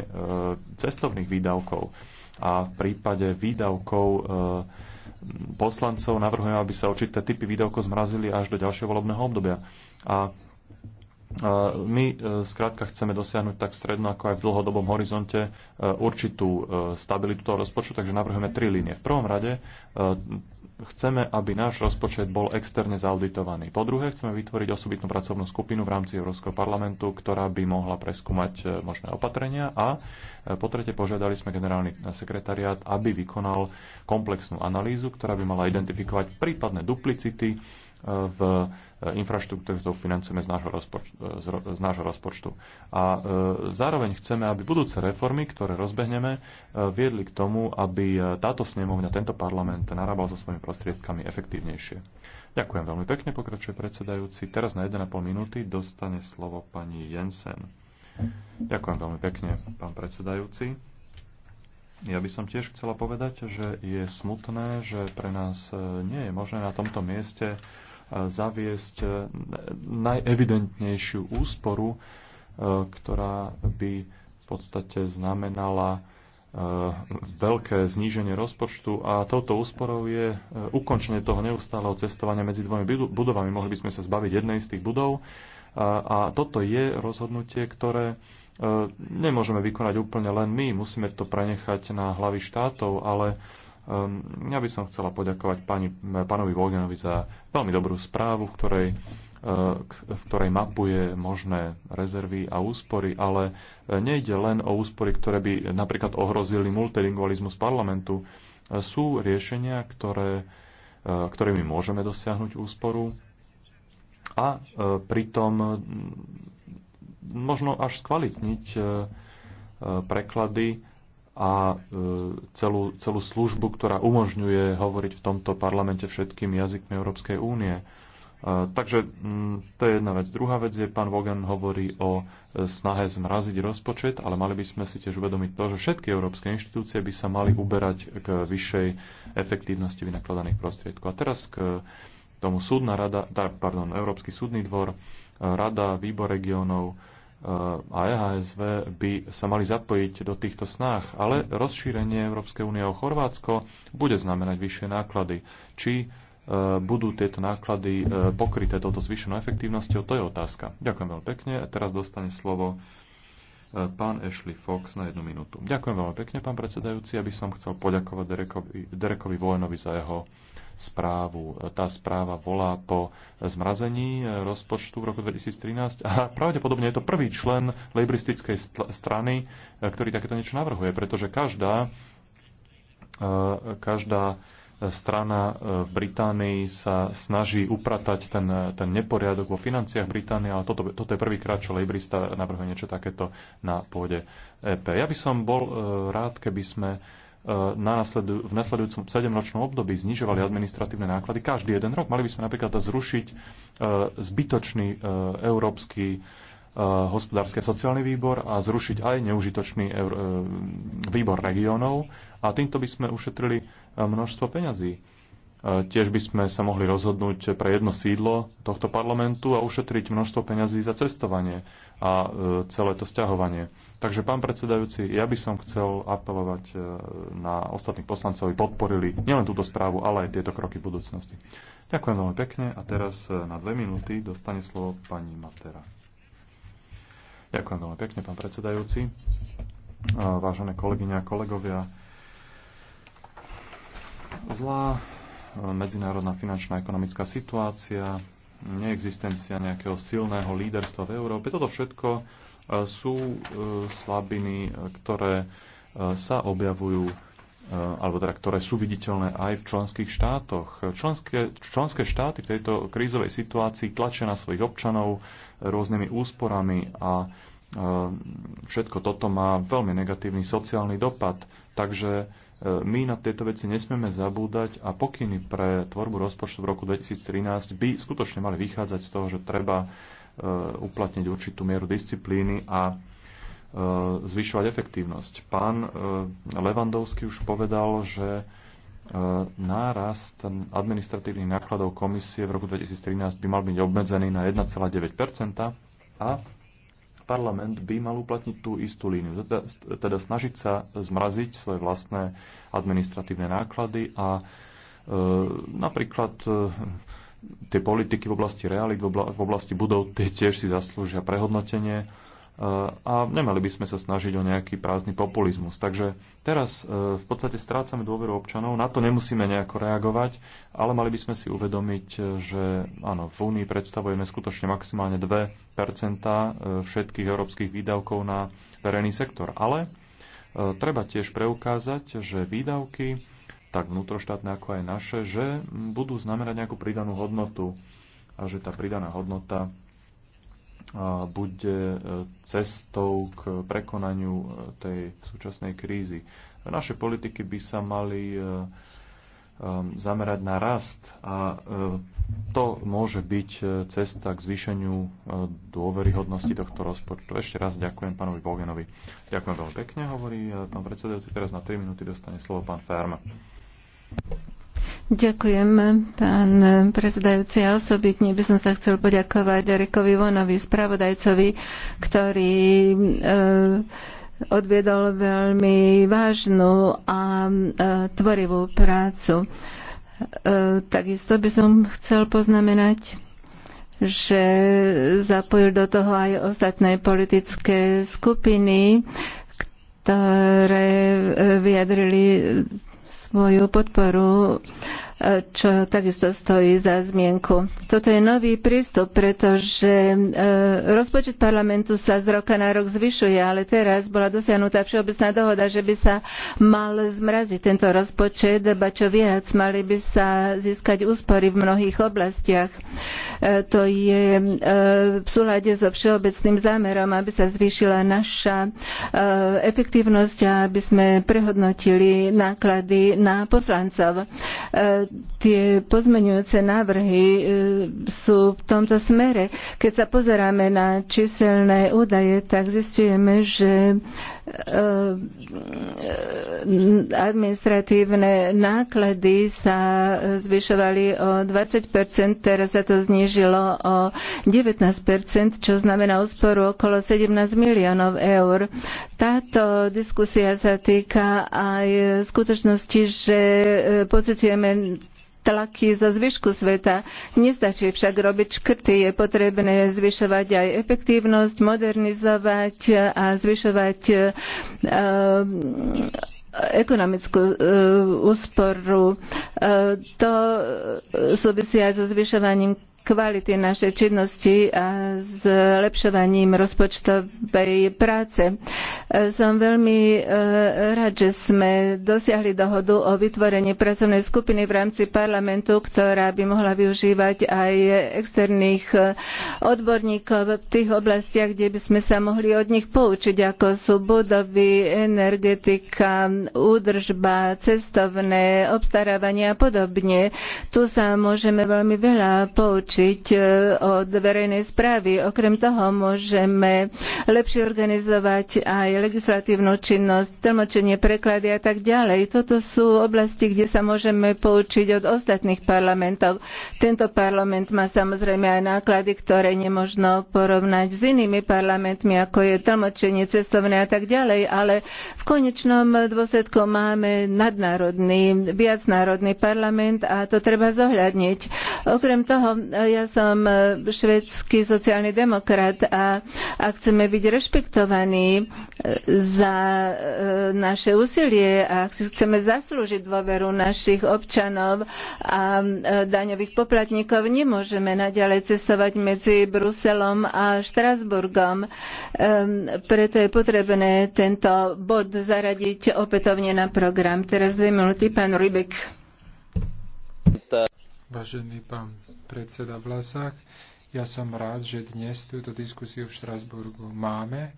e, cestovných výdavkov. A v prípade výdavkov e, poslancov navrhujem, aby sa určité typy výdavkov zmrazili až do ďalšieho volebného obdobia. A my skrátka e, chceme dosiahnuť tak v strednom, ako aj v dlhodobom horizonte e, určitú e, stabilitu toho rozpočtu, takže navrhujeme tri línie. V prvom rade chceme, aby náš rozpočet bol externe zauditovaný. Po druhé, chceme vytvoriť osobitnú pracovnú skupinu v rámci Európskeho parlamentu, ktorá by mohla preskúmať možné opatrenia a po tretie, požiadali sme generálny sekretariát, aby vykonal komplexnú analýzu, ktorá by mala identifikovať prípadné duplicity v E, infraštruktúry ktorú financujeme z nášho, rozpočtu, e, z nášho rozpočtu. A e, zároveň chceme, aby budúce reformy, ktoré rozbehneme, viedli k tomu, aby táto snemovňa, tento parlament narábal so svojimi prostriedkami efektívnejšie. Ďakujem veľmi pekne, pokračuje predsedajúci. Teraz na 1,5 minúty dostane slovo pani Jensen. Ďakujem veľmi pekne, pán predsedajúci. Ja by som tiež chcela povedať, že je smutné, že pre nás nie je možné na tomto mieste zaviesť eh, najevidentnejšiu úsporu, eh, ktorá by v podstate znamenala eh, veľké zníženie rozpočtu a touto úsporou je ukončenie toho neustáleho cestovania medzi dvomi budovami. Mohli by sme sa zbaviť jednej z tých budov a toto je rozhodnutie, ktoré nemôžeme vykonať úplne len my, musíme to prenechať na hlavy štátov, ale Ehm, ja by som chcela poďakovať pani, pánovi Volganovi za veľmi dobrú správu, v ktorej, eh, v ktorej mapuje možné rezervy a úspory, ale eh, nejde len o úspory, ktoré by napríklad ohrozili multilingualizmus parlamentu. Eh, sú riešenia, ktoré, ktorými môžeme dosiahnuť úsporu a pritom možno až skvalitniť preklady a e, celú, celú službu, ktorá umožňuje hovoriť v tomto parlamente všetkým jazykmi Európskej únie. E, takže to je jedna vec. Druhá vec je, pán Vogan hovorí o e, snahe zmraziť rozpočet, ale mali by sme si tiež uvedomiť to, že všetky európske inštitúcie by sa mali uberať k vyššej efektívnosti vynakladaných prostriedkov. A teraz k tomu súdna rada, teda, pardon, Európsky súdny dvor, rada, výbor regionov, a EHSV by sa mali zapojiť do týchto snách, ale rozšírenie Európskej únie o Chorvátsko bude znamenať vyššie náklady. Či e, budú tieto náklady e, pokryté touto zvýšenou efektívnosťou, to je otázka. Ďakujem veľmi pekne. A teraz dostane slovo e, pán Ashley Fox na jednu minútu. Ďakujem veľmi pekne, pán predsedajúci. aby som chcel poďakovať Derekovi, Derekovi Vojenovi za jeho správu. Tá správa volá po zmrazení rozpočtu v roku 2013 a pravdepodobne je to prvý člen lejbristickej strany, e, ktorý takéto niečo navrhuje, pretože každá, e, každá strana e, v Británii sa snaží upratať ten, ten neporiadok vo financiách Británie, ale toto, toto je prvýkrát, čo Lejbrista navrhuje niečo takéto na pôde EP. Ja by som bol rád, keby sme Eh, na nasledu, v nasledujúcom 7-ročnom období znižovali administratívne náklady každý jeden rok. Mali by sme napríklad zrušiť eh, zbytočný eh, európsky hospodársky a sociálny výbor a zrušiť aj neužitočný výbor regiónov a týmto by sme ušetrili množstvo peňazí. Tiež by sme sa mohli rozhodnúť pre jedno sídlo tohto parlamentu a ušetriť množstvo peňazí za cestovanie a e, celé to stiahovanie. Takže, pán predsedajúci, ja by som chcel apelovať e, na ostatných poslancov, aby podporili nielen túto správu, ale aj tieto kroky v budúcnosti. Ďakujem veľmi pekne a teraz e, na dve minúty dostane slovo pani Matera. Ďakujem veľmi pekne, pán predsedajúci. Vážené kolegyne a kolegovia, zlá medzinárodná finančná ekonomická situácia, neexistencia nejakého silného líderstva v Európe. Toto všetko e, sú e, slabiny, e, ktoré sa objavujú alebo teda, ktoré sú viditeľné aj v členských štátoch. Členské, členské štáty v tejto krízovej situácii tlačia na svojich občanov rôznymi úsporami a všetko toto má veľmi negatívny sociálny dopad. Takže my na tieto veci nesmieme zabúdať a pokyny pre tvorbu rozpočtu v roku 2013 by skutočne mali vychádzať z toho, že treba e, uplatniť určitú mieru disciplíny a e, zvyšovať efektívnosť. Pán e, Levandovský už povedal, že nárast administratívnych nákladov komisie v roku 2013 by mal byť obmedzený na 1,9 a parlament by mal uplatniť tú istú líniu, teda, teda snažiť sa zmraziť svoje vlastné administratívne náklady a e, napríklad e, tie politiky v oblasti realit, v oblasti budov, tie tiež si zaslúžia prehodnotenie a nemali by sme sa snažiť o nejaký prázdny populizmus. Takže teraz e, v podstate strácame dôveru občanov, na to nemusíme nejako reagovať, ale mali by sme si uvedomiť, e, že áno, v Únii predstavujeme skutočne maximálne 2 e, všetkých európskych výdavkov na verejný sektor. Ale treba tiež preukázať, že výdavky, tak vnútroštátne ako aj naše, že budú znamenať nejakú pridanú hodnotu a že tá pridaná hodnota bude e, cestou k prekonaniu e, tej súčasnej krízy. Naše politiky by sa mali e, zamerať na rast a to môže byť cesta k zvýšeniu dôveryhodnosti tohto rozpočtu. Ešte raz ďakujem pánovi Vogenovi. Ďakujem veľmi pekne, hovorí pán predsedajúci. Teraz na 3 minúty dostane slovo pán Ferm. Ďakujem, pán prezidajúci. Ja osobitne by som sa chcel poďakovať Derikovi Vonovi, spravodajcovi, ktorý e, odviedol veľmi vážnu a e, tvorivú prácu. E, takisto by som chcel poznamenať, že zapojil do toho aj ostatné politické skupiny, ktoré vyjadrili svoju podporu čo takisto stojí za zmienku. Toto je nový prístup, pretože e, rozpočet parlamentu sa z roka na rok zvyšuje, ale teraz bola dosiahnutá všeobecná dohoda, že by sa mal zmraziť tento rozpočet, ba čo viac, mali by sa získať úspory v mnohých oblastiach. E, to je e, v súlade so všeobecným zámerom, aby sa zvýšila naša efektívnosť a aby sme prehodnotili náklady na poslancov tie pozmeňujúce návrhy e, sú v tomto smere. Keď sa pozeráme na číselné údaje, tak zistujeme, že Eh, administratívne náklady sa zvyšovali o 20%, teraz sa to znížilo o 19%, čo znamená úsporu okolo 17 miliónov eur. Táto diskusia sa týka aj skutočnosti, že eh, pocitujeme tlaky zo zvyšku sveta. Nestačí však robiť škrty, je potrebné zvyšovať aj efektívnosť, modernizovať a zvyšovať eh, ekonomickú eh, úsporu. Eh, to súvisí aj so zvyšovaním kvality našej činnosti a zlepšovaním rozpočtovej práce. Som veľmi e, rád, že sme dosiahli dohodu o vytvorení pracovnej skupiny v rámci parlamentu, ktorá by mohla využívať aj externých e, odborníkov v tých oblastiach, kde by sme sa mohli od nich poučiť, ako sú budovy, energetika, údržba, cestovné, obstarávanie a podobne. Tu sa môžeme veľmi veľa poučiť Učiť e, od verejnej správy. Okrem toho môžeme lepšie organizovať aj legislatívnu činnosť, tlmočenie, preklady a tak ďalej. Toto sú oblasti, kde sa môžeme poučiť od ostatných parlamentov. Tento parlament má samozrejme aj náklady, ktoré nemožno porovnať s inými parlamentmi, ako je tlmočenie, cestovné a tak ďalej, ale v konečnom dôsledku máme nadnárodný, viacnárodný parlament a to treba zohľadniť. Okrem toho ja som e, švedský sociálny demokrat a ak chceme byť rešpektovaní e, za e, naše úsilie a ak chceme zaslúžiť dôveru našich občanov a daňových poplatníkov, nemôžeme naďalej cestovať medzi Bruselom a Štrasburgom. Preto je potrebné tento bod zaradiť opätovne na program. Teraz dve minúty, pán Rybek. Vážený pán predseda Vlasák. Ja som rád, že dnes túto diskusiu v Štrasburgu máme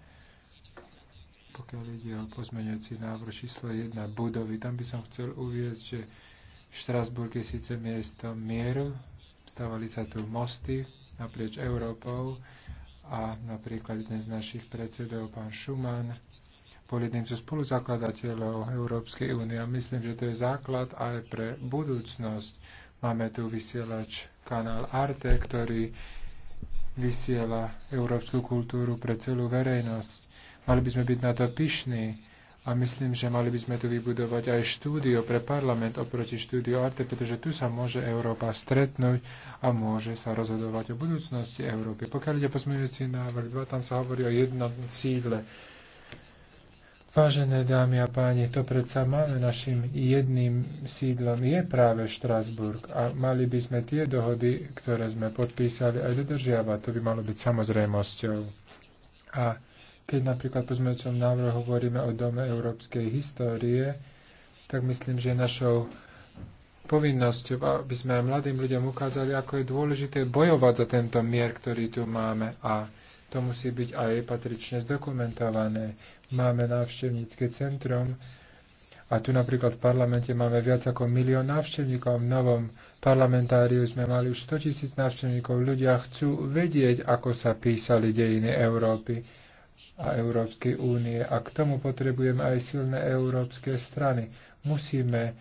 pokiaľ ide o pozmeňujúci návrh číslo 1 budovy. Tam by som chcel uviezť, že Štrasburg je síce miesto mieru, stávali sa tu mosty naprieč Európou a napríklad jeden z našich predsedov, pán Schumann, bol jedným zo spoluzakladateľov Európskej únie a myslím, že to je základ aj pre budúcnosť. Máme tu vysielač kanál Arte, ktorý vysiela európsku kultúru pre celú verejnosť. Mali by sme byť na to pyšní a myslím, že mali by sme tu vybudovať aj štúdio pre parlament oproti štúdiu Arte, pretože tu sa môže Európa stretnúť a môže sa rozhodovať o budúcnosti Európy. Pokiaľ ide pozmeňujúci návrh 2, tam sa hovorí o jednom sídle. Vážené dámy a páni, to predsa máme našim jedným sídlom je práve Štrasburg a mali by sme tie dohody, ktoré sme podpísali, aj dodržiavať. To by malo byť samozrejmosťou. A keď napríklad po zmeňujúcom návrhu hovoríme o Dome európskej histórie, tak myslím, že našou povinnosťou, aby sme aj mladým ľuďom ukázali, ako je dôležité bojovať za tento mier, ktorý tu máme a to musí byť aj patrične zdokumentované máme návštevnícke centrum a tu napríklad v parlamente máme viac ako milión návštevníkov. V novom parlamentáriu sme mali už 100 tisíc návštevníkov. Ľudia chcú vedieť, ako sa písali dejiny Európy a Európskej únie. A k tomu potrebujeme aj silné európske strany. Musíme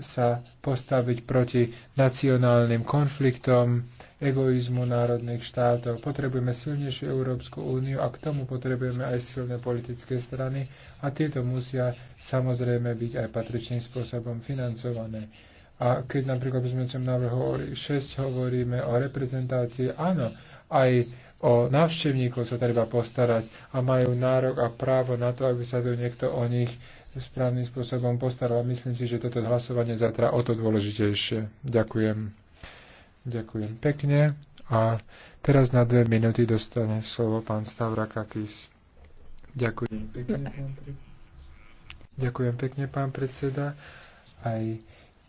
sa postaviť proti nacionálnym konfliktom, egoizmu národných štátov. Potrebujeme silnejšiu Európsku úniu a k tomu potrebujeme aj silné politické strany a tieto musia samozrejme byť aj patričným spôsobom financované. A keď napríklad v zmencom návrhu 6 hovoríme o reprezentácii, áno, aj o návštevníkov sa treba postarať a majú nárok a právo na to, aby sa tu niekto o nich správnym spôsobom postaral. Myslím si, že toto hlasovanie zatra o to dôležitejšie. Ďakujem. Ďakujem pekne. A teraz na dve minúty dostane slovo pán Kakis. Ďakujem pekne, pán predseda. Ďakujem pekne, pán predseda. Aj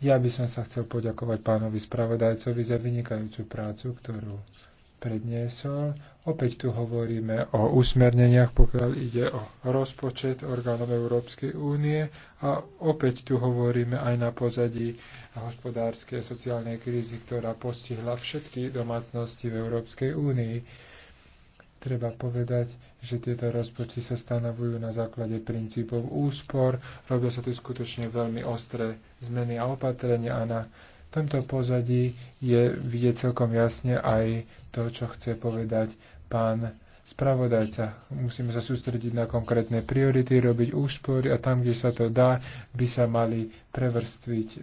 ja by som sa chcel poďakovať pánovi spravodajcovi za vynikajúcu prácu, ktorú predniesol. Opäť tu hovoríme o usmerneniach, pokiaľ ide o rozpočet orgánov Európskej únie a opäť tu hovoríme aj na pozadí hospodárskej a sociálnej krízy, ktorá postihla všetky domácnosti v Európskej únii. Treba povedať, že tieto rozpočty sa stanovujú na základe princípov úspor, robia sa tu skutočne veľmi ostré zmeny a opatrenia a na v tomto pozadí je vidieť celkom jasne aj to, čo chce povedať pán spravodajca. Musíme sa sústrediť na konkrétne priority, robiť úspory a tam, kde sa to dá, by sa mali prevrstviť e,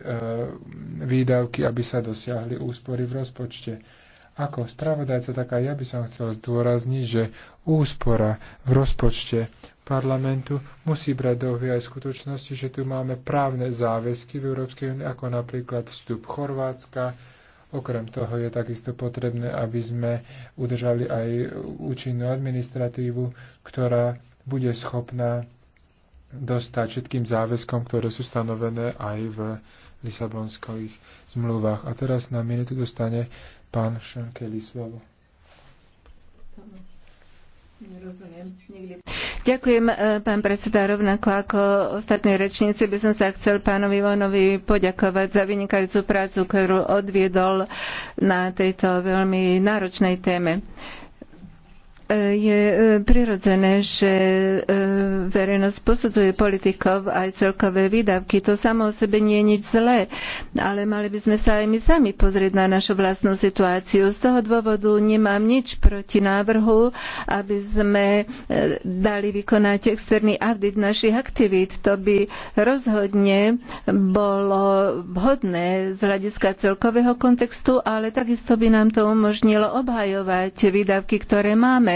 výdavky, aby sa dosiahli úspory v rozpočte. Ako spravodajca, tak aj ja by som chcel zdôrazniť, že úspora v rozpočte parlamentu musí brať do aj skutočnosti, že tu máme právne záväzky v Európskej únii, ako napríklad vstup Chorvátska, Okrem toho je takisto potrebné, aby sme udržali aj účinnú administratívu, ktorá bude schopná dostať všetkým záväzkom, ktoré sú stanovené aj v Lisabonských zmluvách. A teraz na minútu dostane pán Šankeli slovo. Nerozumiem. Ďakujem, e, pán predseda, rovnako ako ostatní rečníci by som sa chcel pánovi Vonovi poďakovať za vynikajúcu prácu, ktorú odviedol na tejto veľmi náročnej téme je e, prirodzené, že e, verejnosť posudzuje politikov aj celkové výdavky. To samo o sebe nie je nič zlé, ale mali by sme sa aj my sami pozrieť na našu vlastnú situáciu. Z toho dôvodu nemám nič proti návrhu, aby sme e, dali vykonať externý audit našich aktivít. To by rozhodne bolo vhodné z hľadiska celkového kontextu, ale takisto by nám to umožnilo obhajovať výdavky, ktoré máme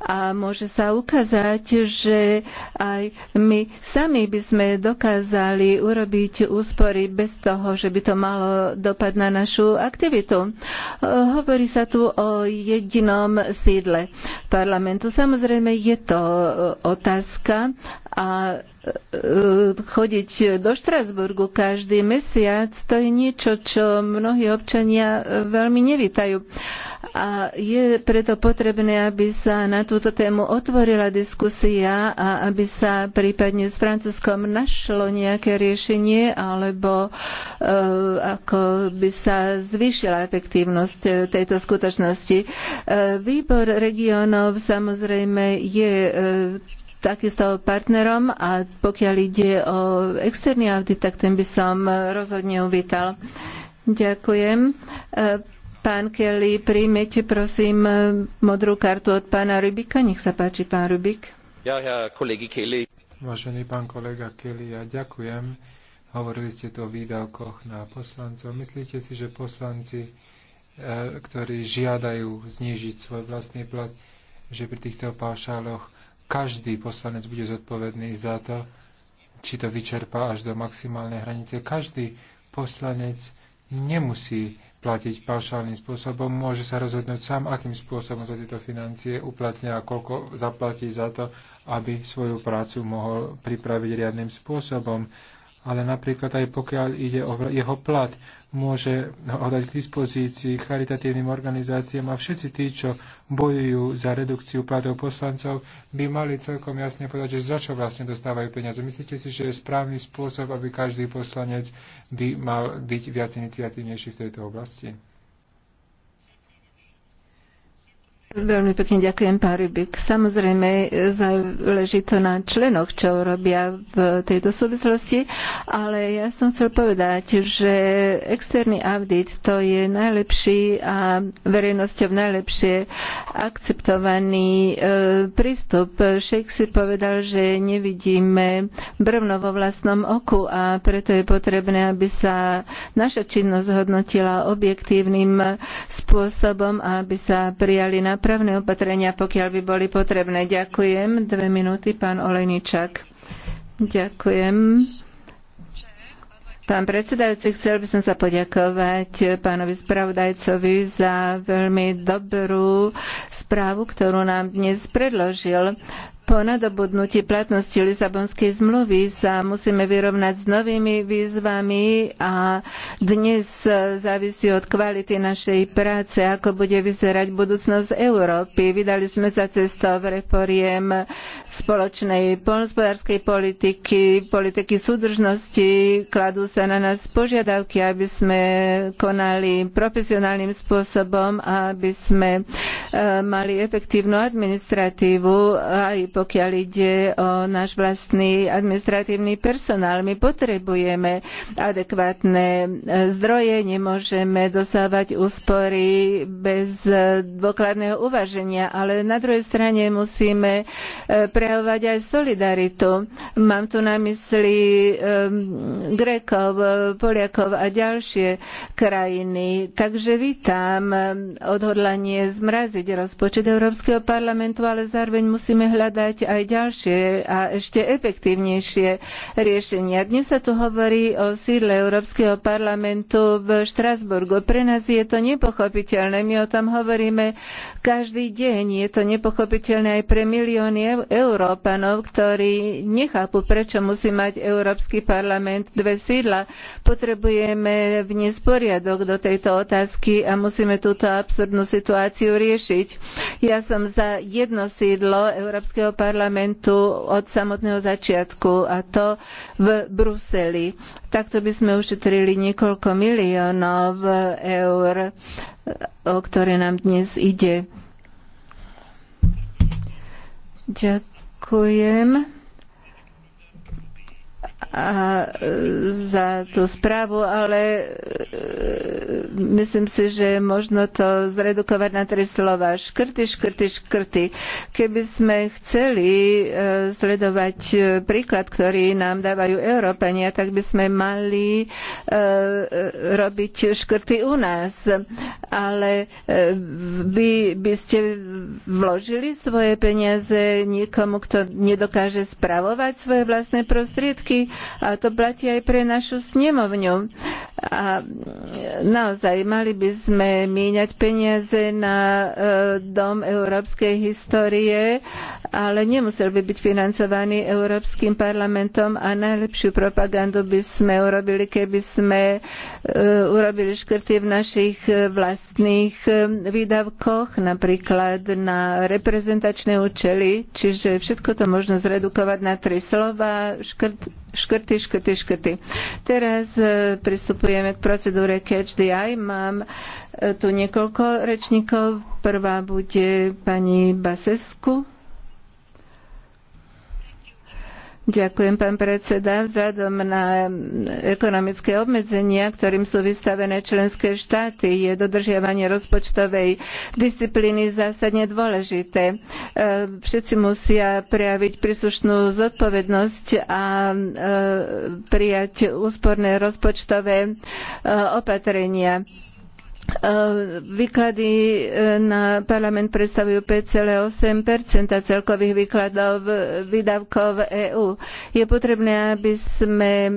A môže sa ukázať, že aj my sami by sme dokázali urobiť úspory bez toho, že by to malo dopad na našu aktivitu. E, hovorí sa tu o jedinom sídle parlamentu. Samozrejme je to e, otázka a e, chodiť do Štrasburgu každý mesiac, to je niečo, čo mnohí občania veľmi nevítajú. A je preto potrebné, aby sa na to túto tému otvorila diskusia a aby sa prípadne s Francúzskom našlo nejaké riešenie alebo e, ako by sa zvýšila efektívnosť tejto skutočnosti. E, výbor regionov samozrejme je e, takisto partnerom a pokiaľ ide o externý audit, tak ten by som rozhodne uvítal. Ďakujem. Pán Kelly, príjmete prosím modrú kartu od pána Rubika. Nech sa páči, pán Rubik. Ja, ja, kolegy Kelly. Vážený pán kolega Kelly, ja ďakujem. Hovorili ste tu o výdavkoch na poslancov. Myslíte si, že poslanci, e, ktorí žiadajú znížiť svoj vlastný plat, že pri týchto paušáloch každý poslanec bude zodpovedný za to, či to vyčerpá až do maximálnej hranice. Každý poslanec nemusí platiť paušálnym spôsobom, môže sa rozhodnúť sám, akým spôsobom sa tieto financie uplatnia a koľko zaplatí za to, aby svoju prácu mohol pripraviť riadnym spôsobom ale napríklad aj pokiaľ ide o jeho plat, môže ho dať k dispozícii charitatívnym organizáciám a všetci tí, čo bojujú za redukciu platov poslancov, by mali celkom jasne povedať, že za čo vlastne dostávajú peniaze. Myslíte si, že je správny spôsob, aby každý poslanec by mal byť viac iniciatívnejší v tejto oblasti? Veľmi pekne ďakujem, pán Rybik. Samozrejme, záleží to na členoch, čo robia v tejto súvislosti, ale ja som chcel povedať, že externý audit to je najlepší a verejnosťou najlepšie akceptovaný e, prístup. Shakespeare povedal, že nevidíme brvno vo vlastnom oku a preto je potrebné, aby sa naša činnosť hodnotila objektívnym spôsobom a aby sa prijali na nápravné opatrenia, pokiaľ by boli potrebné. Ďakujem. Dve minúty, pán Olejničak. Ďakujem. Pán predsedajúci, chcel by som sa poďakovať pánovi spravodajcovi za veľmi dobrú správu, ktorú nám dnes predložil. Po nadobudnutí platnosti Lisabonskej zmluvy sa musíme vyrovnať s novými výzvami a dnes závisí od kvality našej práce, ako bude vyzerať budúcnosť Európy. Vydali sme sa cestou reforiem spoločnej polnospodárskej politiky, politiky súdržnosti. Kladú sa na nás požiadavky, aby sme konali profesionálnym spôsobom a aby sme eh, mali efektívnu administratívu aj po pokiaľ ide o náš vlastný administratívny personál. My potrebujeme adekvátne e, zdroje, nemôžeme dosávať úspory bez dôkladného uvaženia, ale na druhej strane musíme e, prejavovať aj solidaritu. Mám tu na mysli Grékov, Poliakov a ďalšie krajiny. Takže vítam odhodlanie zmraziť rozpočet Európskeho parlamentu, ale zároveň musíme hľadať hľadať aj ďalšie a ešte efektívnejšie riešenia. Dnes sa tu hovorí o sídle Európskeho parlamentu v Štrasburgu. Pre nás je to nepochopiteľné. My o tom hovoríme každý deň. Je to nepochopiteľné aj pre milióny Európanov, ktorí nechápu, prečo musí mať Európsky parlament dve sídla. Potrebujeme vniesť poriadok do tejto otázky a musíme túto absurdnú situáciu riešiť. Ja som za jedno sídlo Európskeho parlamentu od samotného začiatku a to v Bruseli. Takto by sme ušetrili niekoľko miliónov eur, o ktoré nám dnes ide. Ďakujem a za tú správu, ale myslím si, že možno to zredukovať na tri slova. Škrty, škrty, škrty. Keby sme chceli e, sledovať e, príklad, ktorý nám dávajú Európania, tak by sme mali e, robiť škrty u nás. Ale by, by ste vložili svoje peniaze niekomu, kto nedokáže spravovať svoje vlastné prostriedky a to platí aj pre našu snemovňu. A naozaj mali by sme míňať peniaze na eh, Dom európskej histórie ale nemusel by byť financovaný Európskym parlamentom a najlepšiu propagandu by sme urobili, keby sme e, urobili škrty v našich e, vlastných e, výdavkoch, napríklad na reprezentačné účely, čiže všetko to možno zredukovať na tri slova, škrt, škrty, škrty, škrty. Teraz pristupujeme k procedúre Catch the Eye. Mám tu niekoľko rečníkov. Prvá bude pani Basesku. Ďakujem, pán predseda. Vzhľadom na ekonomické obmedzenia, ktorým sú vystavené členské štáty, je dodržiavanie rozpočtovej disciplíny zásadne dôležité. E, všetci musia prejaviť príslušnú zodpovednosť a e, prijať úsporné rozpočtové e, opatrenia. Ehm, výklady ehm, na parlament predstavujú 5,8 celkových výkladov výdavkov EÚ. Je potrebné, aby sme ehm,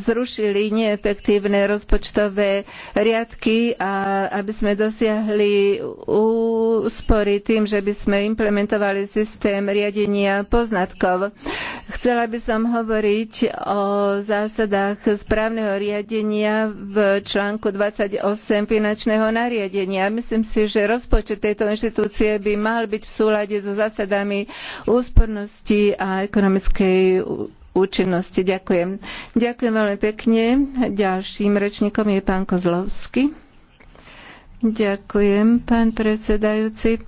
zrušili neefektívne rozpočtové riadky a aby sme dosiahli úspory tým, že by sme implementovali systém riadenia poznatkov. Chcela by som hovoriť o zásadách správneho riadenia v článku 28 8 finančného nariadenia. Myslím si, že rozpočet tejto inštitúcie by mal byť v súlade so zásadami úspornosti a ekonomickej účinnosti. Ďakujem. Ďakujem veľmi pekne. Ďalším rečníkom je pán Kozlovský. Ďakujem, pán predsedajúci.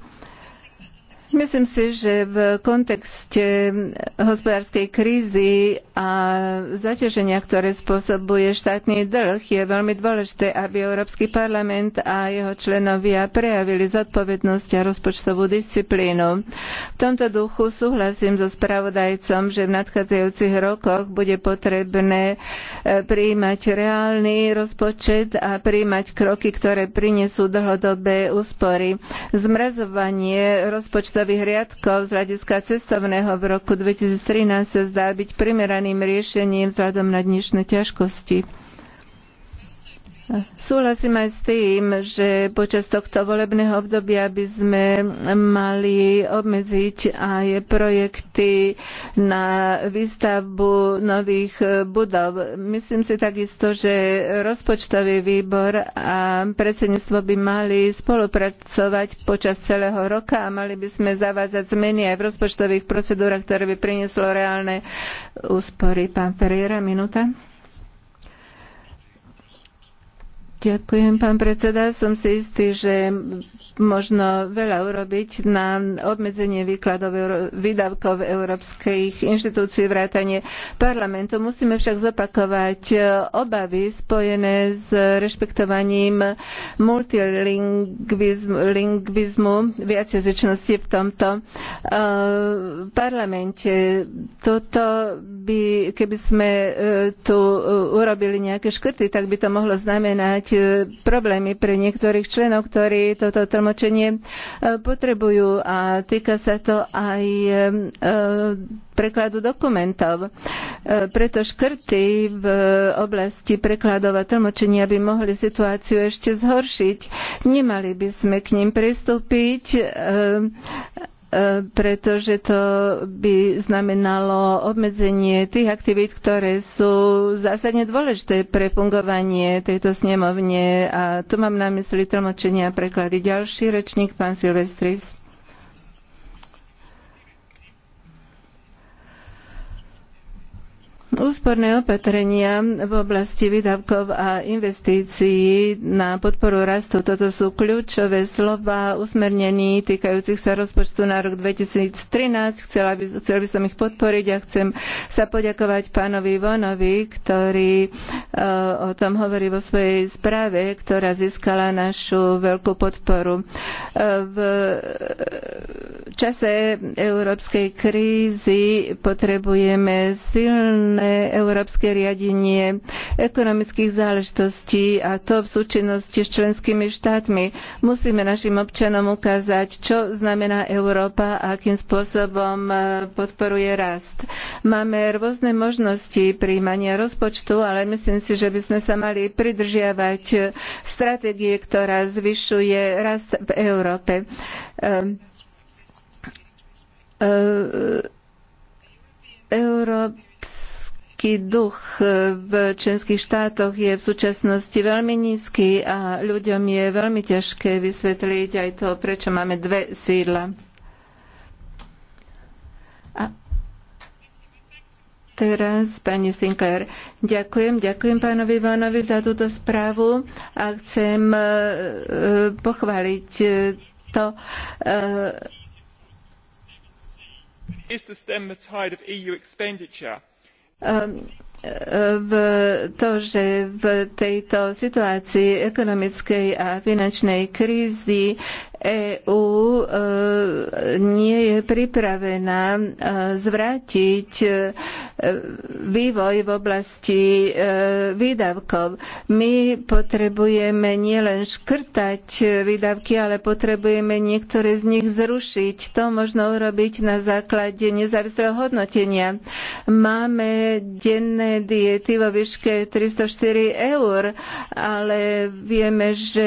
Myslím si, že v kontexte hospodárskej krízy a zaťaženia, ktoré spôsobuje štátny dlh, je veľmi dôležité, aby Európsky parlament a jeho členovia prejavili zodpovednosť a rozpočtovú disciplínu. V tomto duchu súhlasím so spravodajcom, že v nadchádzajúcich rokoch bude potrebné e, prijímať reálny rozpočet a prijímať kroky, ktoré prinesú dlhodobé úspory. Zmrazovanie rozpočtov časových riadkov z hľadiska cestovného v roku 2013 sa zdá byť primeraným riešením vzhľadom na dnešné ťažkosti. Súhlasím aj s tým, že počas tohto volebného obdobia by sme mali obmedziť aj projekty na výstavbu nových budov. Myslím si takisto, že rozpočtový výbor a predsedníctvo by mali spolupracovať počas celého roka a mali by sme zavádzať zmeny aj v rozpočtových procedúrach, ktoré by prinieslo reálne úspory. Pán Ferreira, minúta. Ďakujem, pán predseda. Som si istý, že možno veľa urobiť na obmedzenie výkladov výdavkov európskych inštitúcií vrátane parlamentu. Musíme však zopakovať e, obavy spojené s rešpektovaním multilingvizmu, viacjazyčnosti v tomto e, parlamente. Toto by, keby sme e, tu urobili nejaké škrty, tak by to mohlo znamenať, E, problémy pre niektorých členov, ktorí toto tlmočenie e, potrebujú a týka sa to aj e, prekladu dokumentov. Preto škrty v oblasti prekladov a tlmočenia by mohli situáciu ešte zhoršiť. Nemali by sme k ním pristúpiť pretože to by znamenalo obmedzenie tých aktivít, ktoré sú zásadne dôležité pre fungovanie tejto snemovne. A tu mám na mysli tlmočenia a preklady. Ďalší rečník, pán Silvestris. Úsporné opatrenia v oblasti výdavkov a investícií na podporu rastu, toto sú kľúčové slova usmernení týkajúcich sa rozpočtu na rok 2013. Chcela by, chcel by som ich podporiť a chcem sa poďakovať pánovi Vonovi, ktorý e, o tom hovorí vo svojej správe, ktorá získala našu veľkú podporu. E, v čase európskej krízy potrebujeme silné európske riadenie ekonomických záležitostí a to v súčinnosti s členskými štátmi. Musíme našim občanom ukázať, čo znamená Európa a akým spôsobom e, podporuje rast. Máme rôzne možnosti príjmania rozpočtu, ale myslím si, že by sme sa mali pridržiavať e, stratégie, ktorá zvyšuje rast v Európe. E, Európa politický duch v členských štátoch je v súčasnosti veľmi nízky a ľuďom je veľmi ťažké vysvetliť aj to, prečo máme dve sídla. A teraz pani Sinclair. Ďakujem, ďakujem pánovi Ivanovi za túto správu a chcem e, e, pochváliť e, to is the stem the tide of eu expenditure Ehm, ehm, v to, že v tejto situácii ekonomickej a finančnej krízy EÚ nie je pripravená e, zvrátiť e, vývoj v oblasti e, výdavkov. My potrebujeme nielen škrtať výdavky, ale potrebujeme niektoré z nich zrušiť. To možno urobiť na základe nezávislého hodnotenia. Máme denné diety vo výške 304 eur, ale vieme, že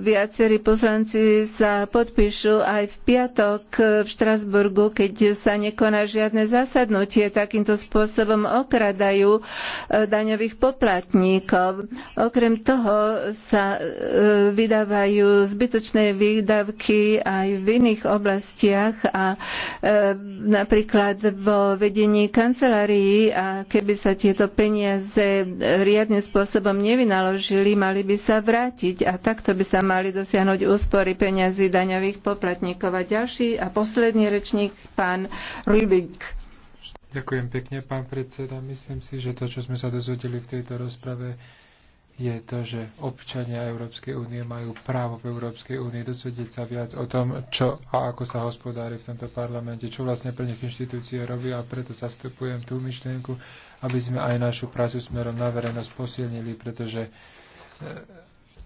viacerí poslanci sa podpíšu aj v piatok piatok v Štrasburgu, keď sa nekoná žiadne zasadnutie. Takýmto spôsobom okradajú e, daňových poplatníkov. Okrem toho sa e, vydávajú zbytočné výdavky aj v iných oblastiach a e, napríklad vo vedení kancelárií a keby sa tieto peniaze riadnym spôsobom nevynaložili, mali by sa vrátiť a takto by sa mali dosiahnuť úspory peňazí daňových poplatníkov. A ďalšie ďalší a posledný rečník, pán Rubik. Ďakujem pekne, pán predseda. Myslím si, že to, čo sme sa dozvedeli v tejto rozprave, je to, že občania Európskej únie majú právo v Európskej únie dozvedieť sa viac o tom, čo a ako sa hospodári v tomto parlamente, čo vlastne pre nich inštitúcie robí a preto zastupujem tú myšlienku, aby sme aj našu prácu smerom na verejnosť posilnili, pretože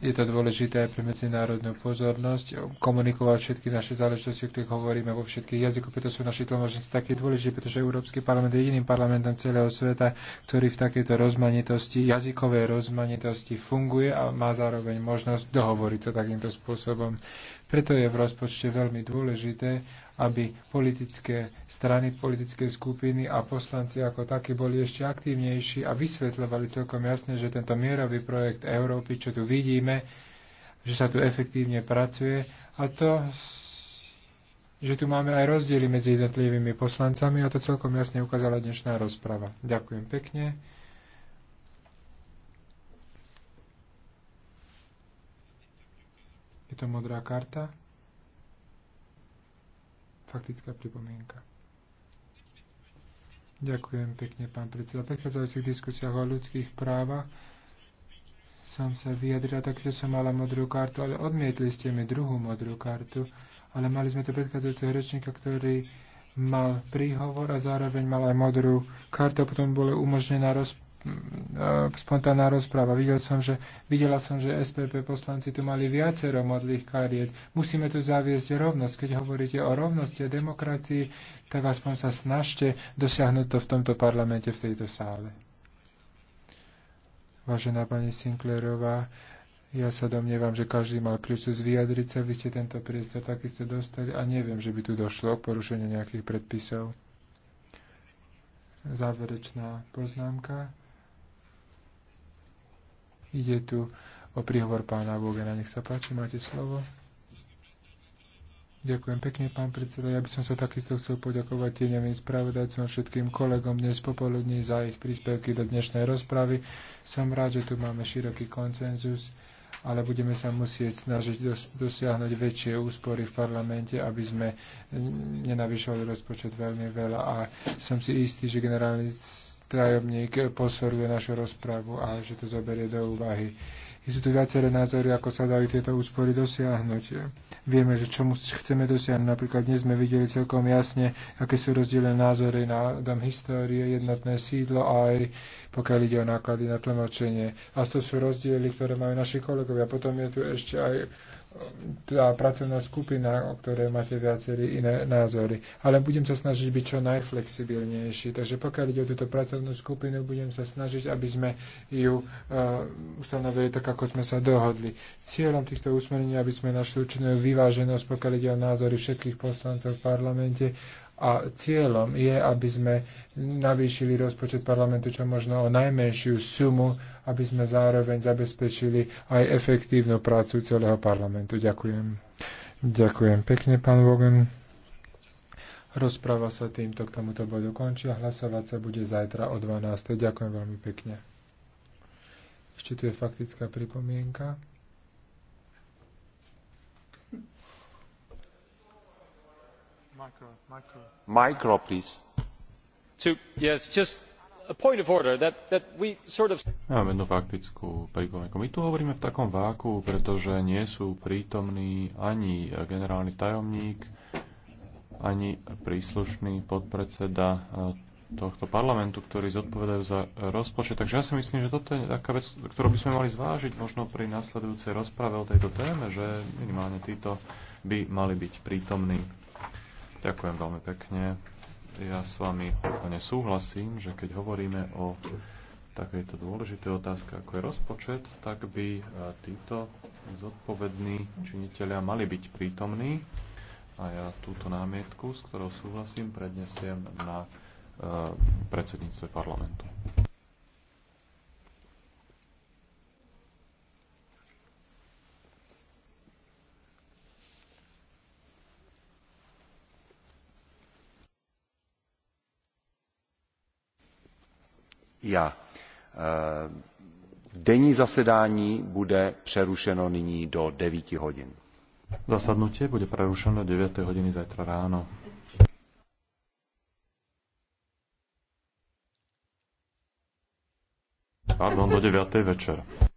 je to dôležité aj pre medzinárodnú pozornosť, komunikovať všetky naše záležitosti, o ktorých hovoríme vo všetkých jazykoch, preto sú naši tlmočníci také dôležité, pretože Európsky parlament je jediným parlamentom celého sveta, ktorý v takejto rozmanitosti, jazykovej rozmanitosti funguje a má zároveň možnosť dohovoriť sa takýmto spôsobom. Preto je v rozpočte veľmi dôležité, aby politické strany, politické skupiny a poslanci ako takí boli ešte aktívnejší a vysvetľovali celkom jasne, že tento mierový projekt Európy, čo tu vidíme, že sa tu efektívne pracuje a to že tu máme aj rozdiely medzi jednotlivými poslancami a to celkom jasne ukázala dnešná rozprava. Ďakujem pekne. Je to modrá karta? faktická pripomienka. Ďakujem pekne, pán predseda. V predchádzajúcich diskusiách o ľudských právach som sa vyjadrila tak, že som mala modrú kartu, ale odmietli ste mi druhú modrú kartu. Ale mali sme tu predchádzajúceho rečníka, ktorý mal príhovor a zároveň mal aj modrú kartu a potom bola umožnená rozpráva. Mm, e, spontánna rozpráva. Videl som, že, videla som, že SPP poslanci tu mali viacero modlých kariet. Musíme tu zaviesť rovnosť. Keď hovoríte o rovnosti a demokracii, tak aspoň sa snažte dosiahnuť to v tomto parlamente, v tejto sále. Vážená pani Sinclairová, ja sa domnievam, že každý mal kľúč vyjadriť sa, vy ste tento priestor takisto dostali a neviem, že by tu došlo k porušeniu nejakých predpisov. Záverečná poznámka. Ide tu o príhovor pána Na Nech sa páči, máte slovo. Ďakujem pekne, pán predseda. Ja by som sa takisto chcel poďakovať tieňovým spravodajcom všetkým kolegom dnes popoludní za ich príspevky do dnešnej rozpravy. Som rád, že tu máme široký koncenzus, ale budeme sa musieť snažiť dos- dosiahnuť väčšie úspory v parlamente, aby sme nenavyšovali rozpočet veľmi veľa. A som si istý, že generálny tajomník posoruje našu rozpravu a že to zoberie do úvahy. Sú tu viaceré názory, ako sa dajú tieto úspory dosiahnuť. Vieme, že čomu chceme dosiahnuť. Napríklad dnes sme videli celkom jasne, aké sú rozdielne názory na dom histórie, jednotné sídlo a aj pokiaľ ide o náklady na tlmočenie. A to sú rozdiely, ktoré majú naši kolegovia. Potom je tu ešte aj tá pracovná skupina, o ktorej máte viacerí iné názory. Ale budem sa snažiť byť čo najflexibilnejší. Takže pokiaľ ide o túto pracovnú skupinu, budem sa snažiť, aby sme ju uh, ustanovili tak, ako sme sa dohodli. Cieľom týchto usmerení, aby sme našli určenú vyváženosť, pokiaľ ide o názory všetkých poslancov v parlamente a cieľom je, aby sme navýšili rozpočet parlamentu čo možno o najmenšiu sumu, aby sme zároveň zabezpečili aj efektívnu prácu celého parlamentu. Ďakujem. Ďakujem pekne, pán Vogen. Rozpráva sa týmto k tomuto bodu končí a hlasovať sa bude zajtra o 12. Ďakujem veľmi pekne. Ešte tu je faktická pripomienka. Máme jednu faktickú pripomienku. My tu hovoríme v takom váku, pretože nie sú prítomní ani generálny tajomník, ani príslušný podpredseda eh, tohto parlamentu, ktorí zodpovedajú za rozpočet. Takže ja si myslím, že toto je taká vec, ktorú by sme mali zvážiť možno pri nasledujúcej rozprave o tejto téme, že minimálne títo by mali byť prítomní. Ďakujem veľmi pekne. Ja s vami úplne súhlasím, že keď hovoríme o takejto dôležitej otázke, ako je rozpočet, tak by e, títo zodpovední činiteľia mali byť prítomní. A ja túto námietku, s ktorou súhlasím, prednesiem na e, predsedníctve parlamentu. já. E, denní zasedání bude přerušeno nyní do 9 hodin. Zasadnutí bude prerušené do 9 hodiny zajtra ráno. Pardon, do 9 večer.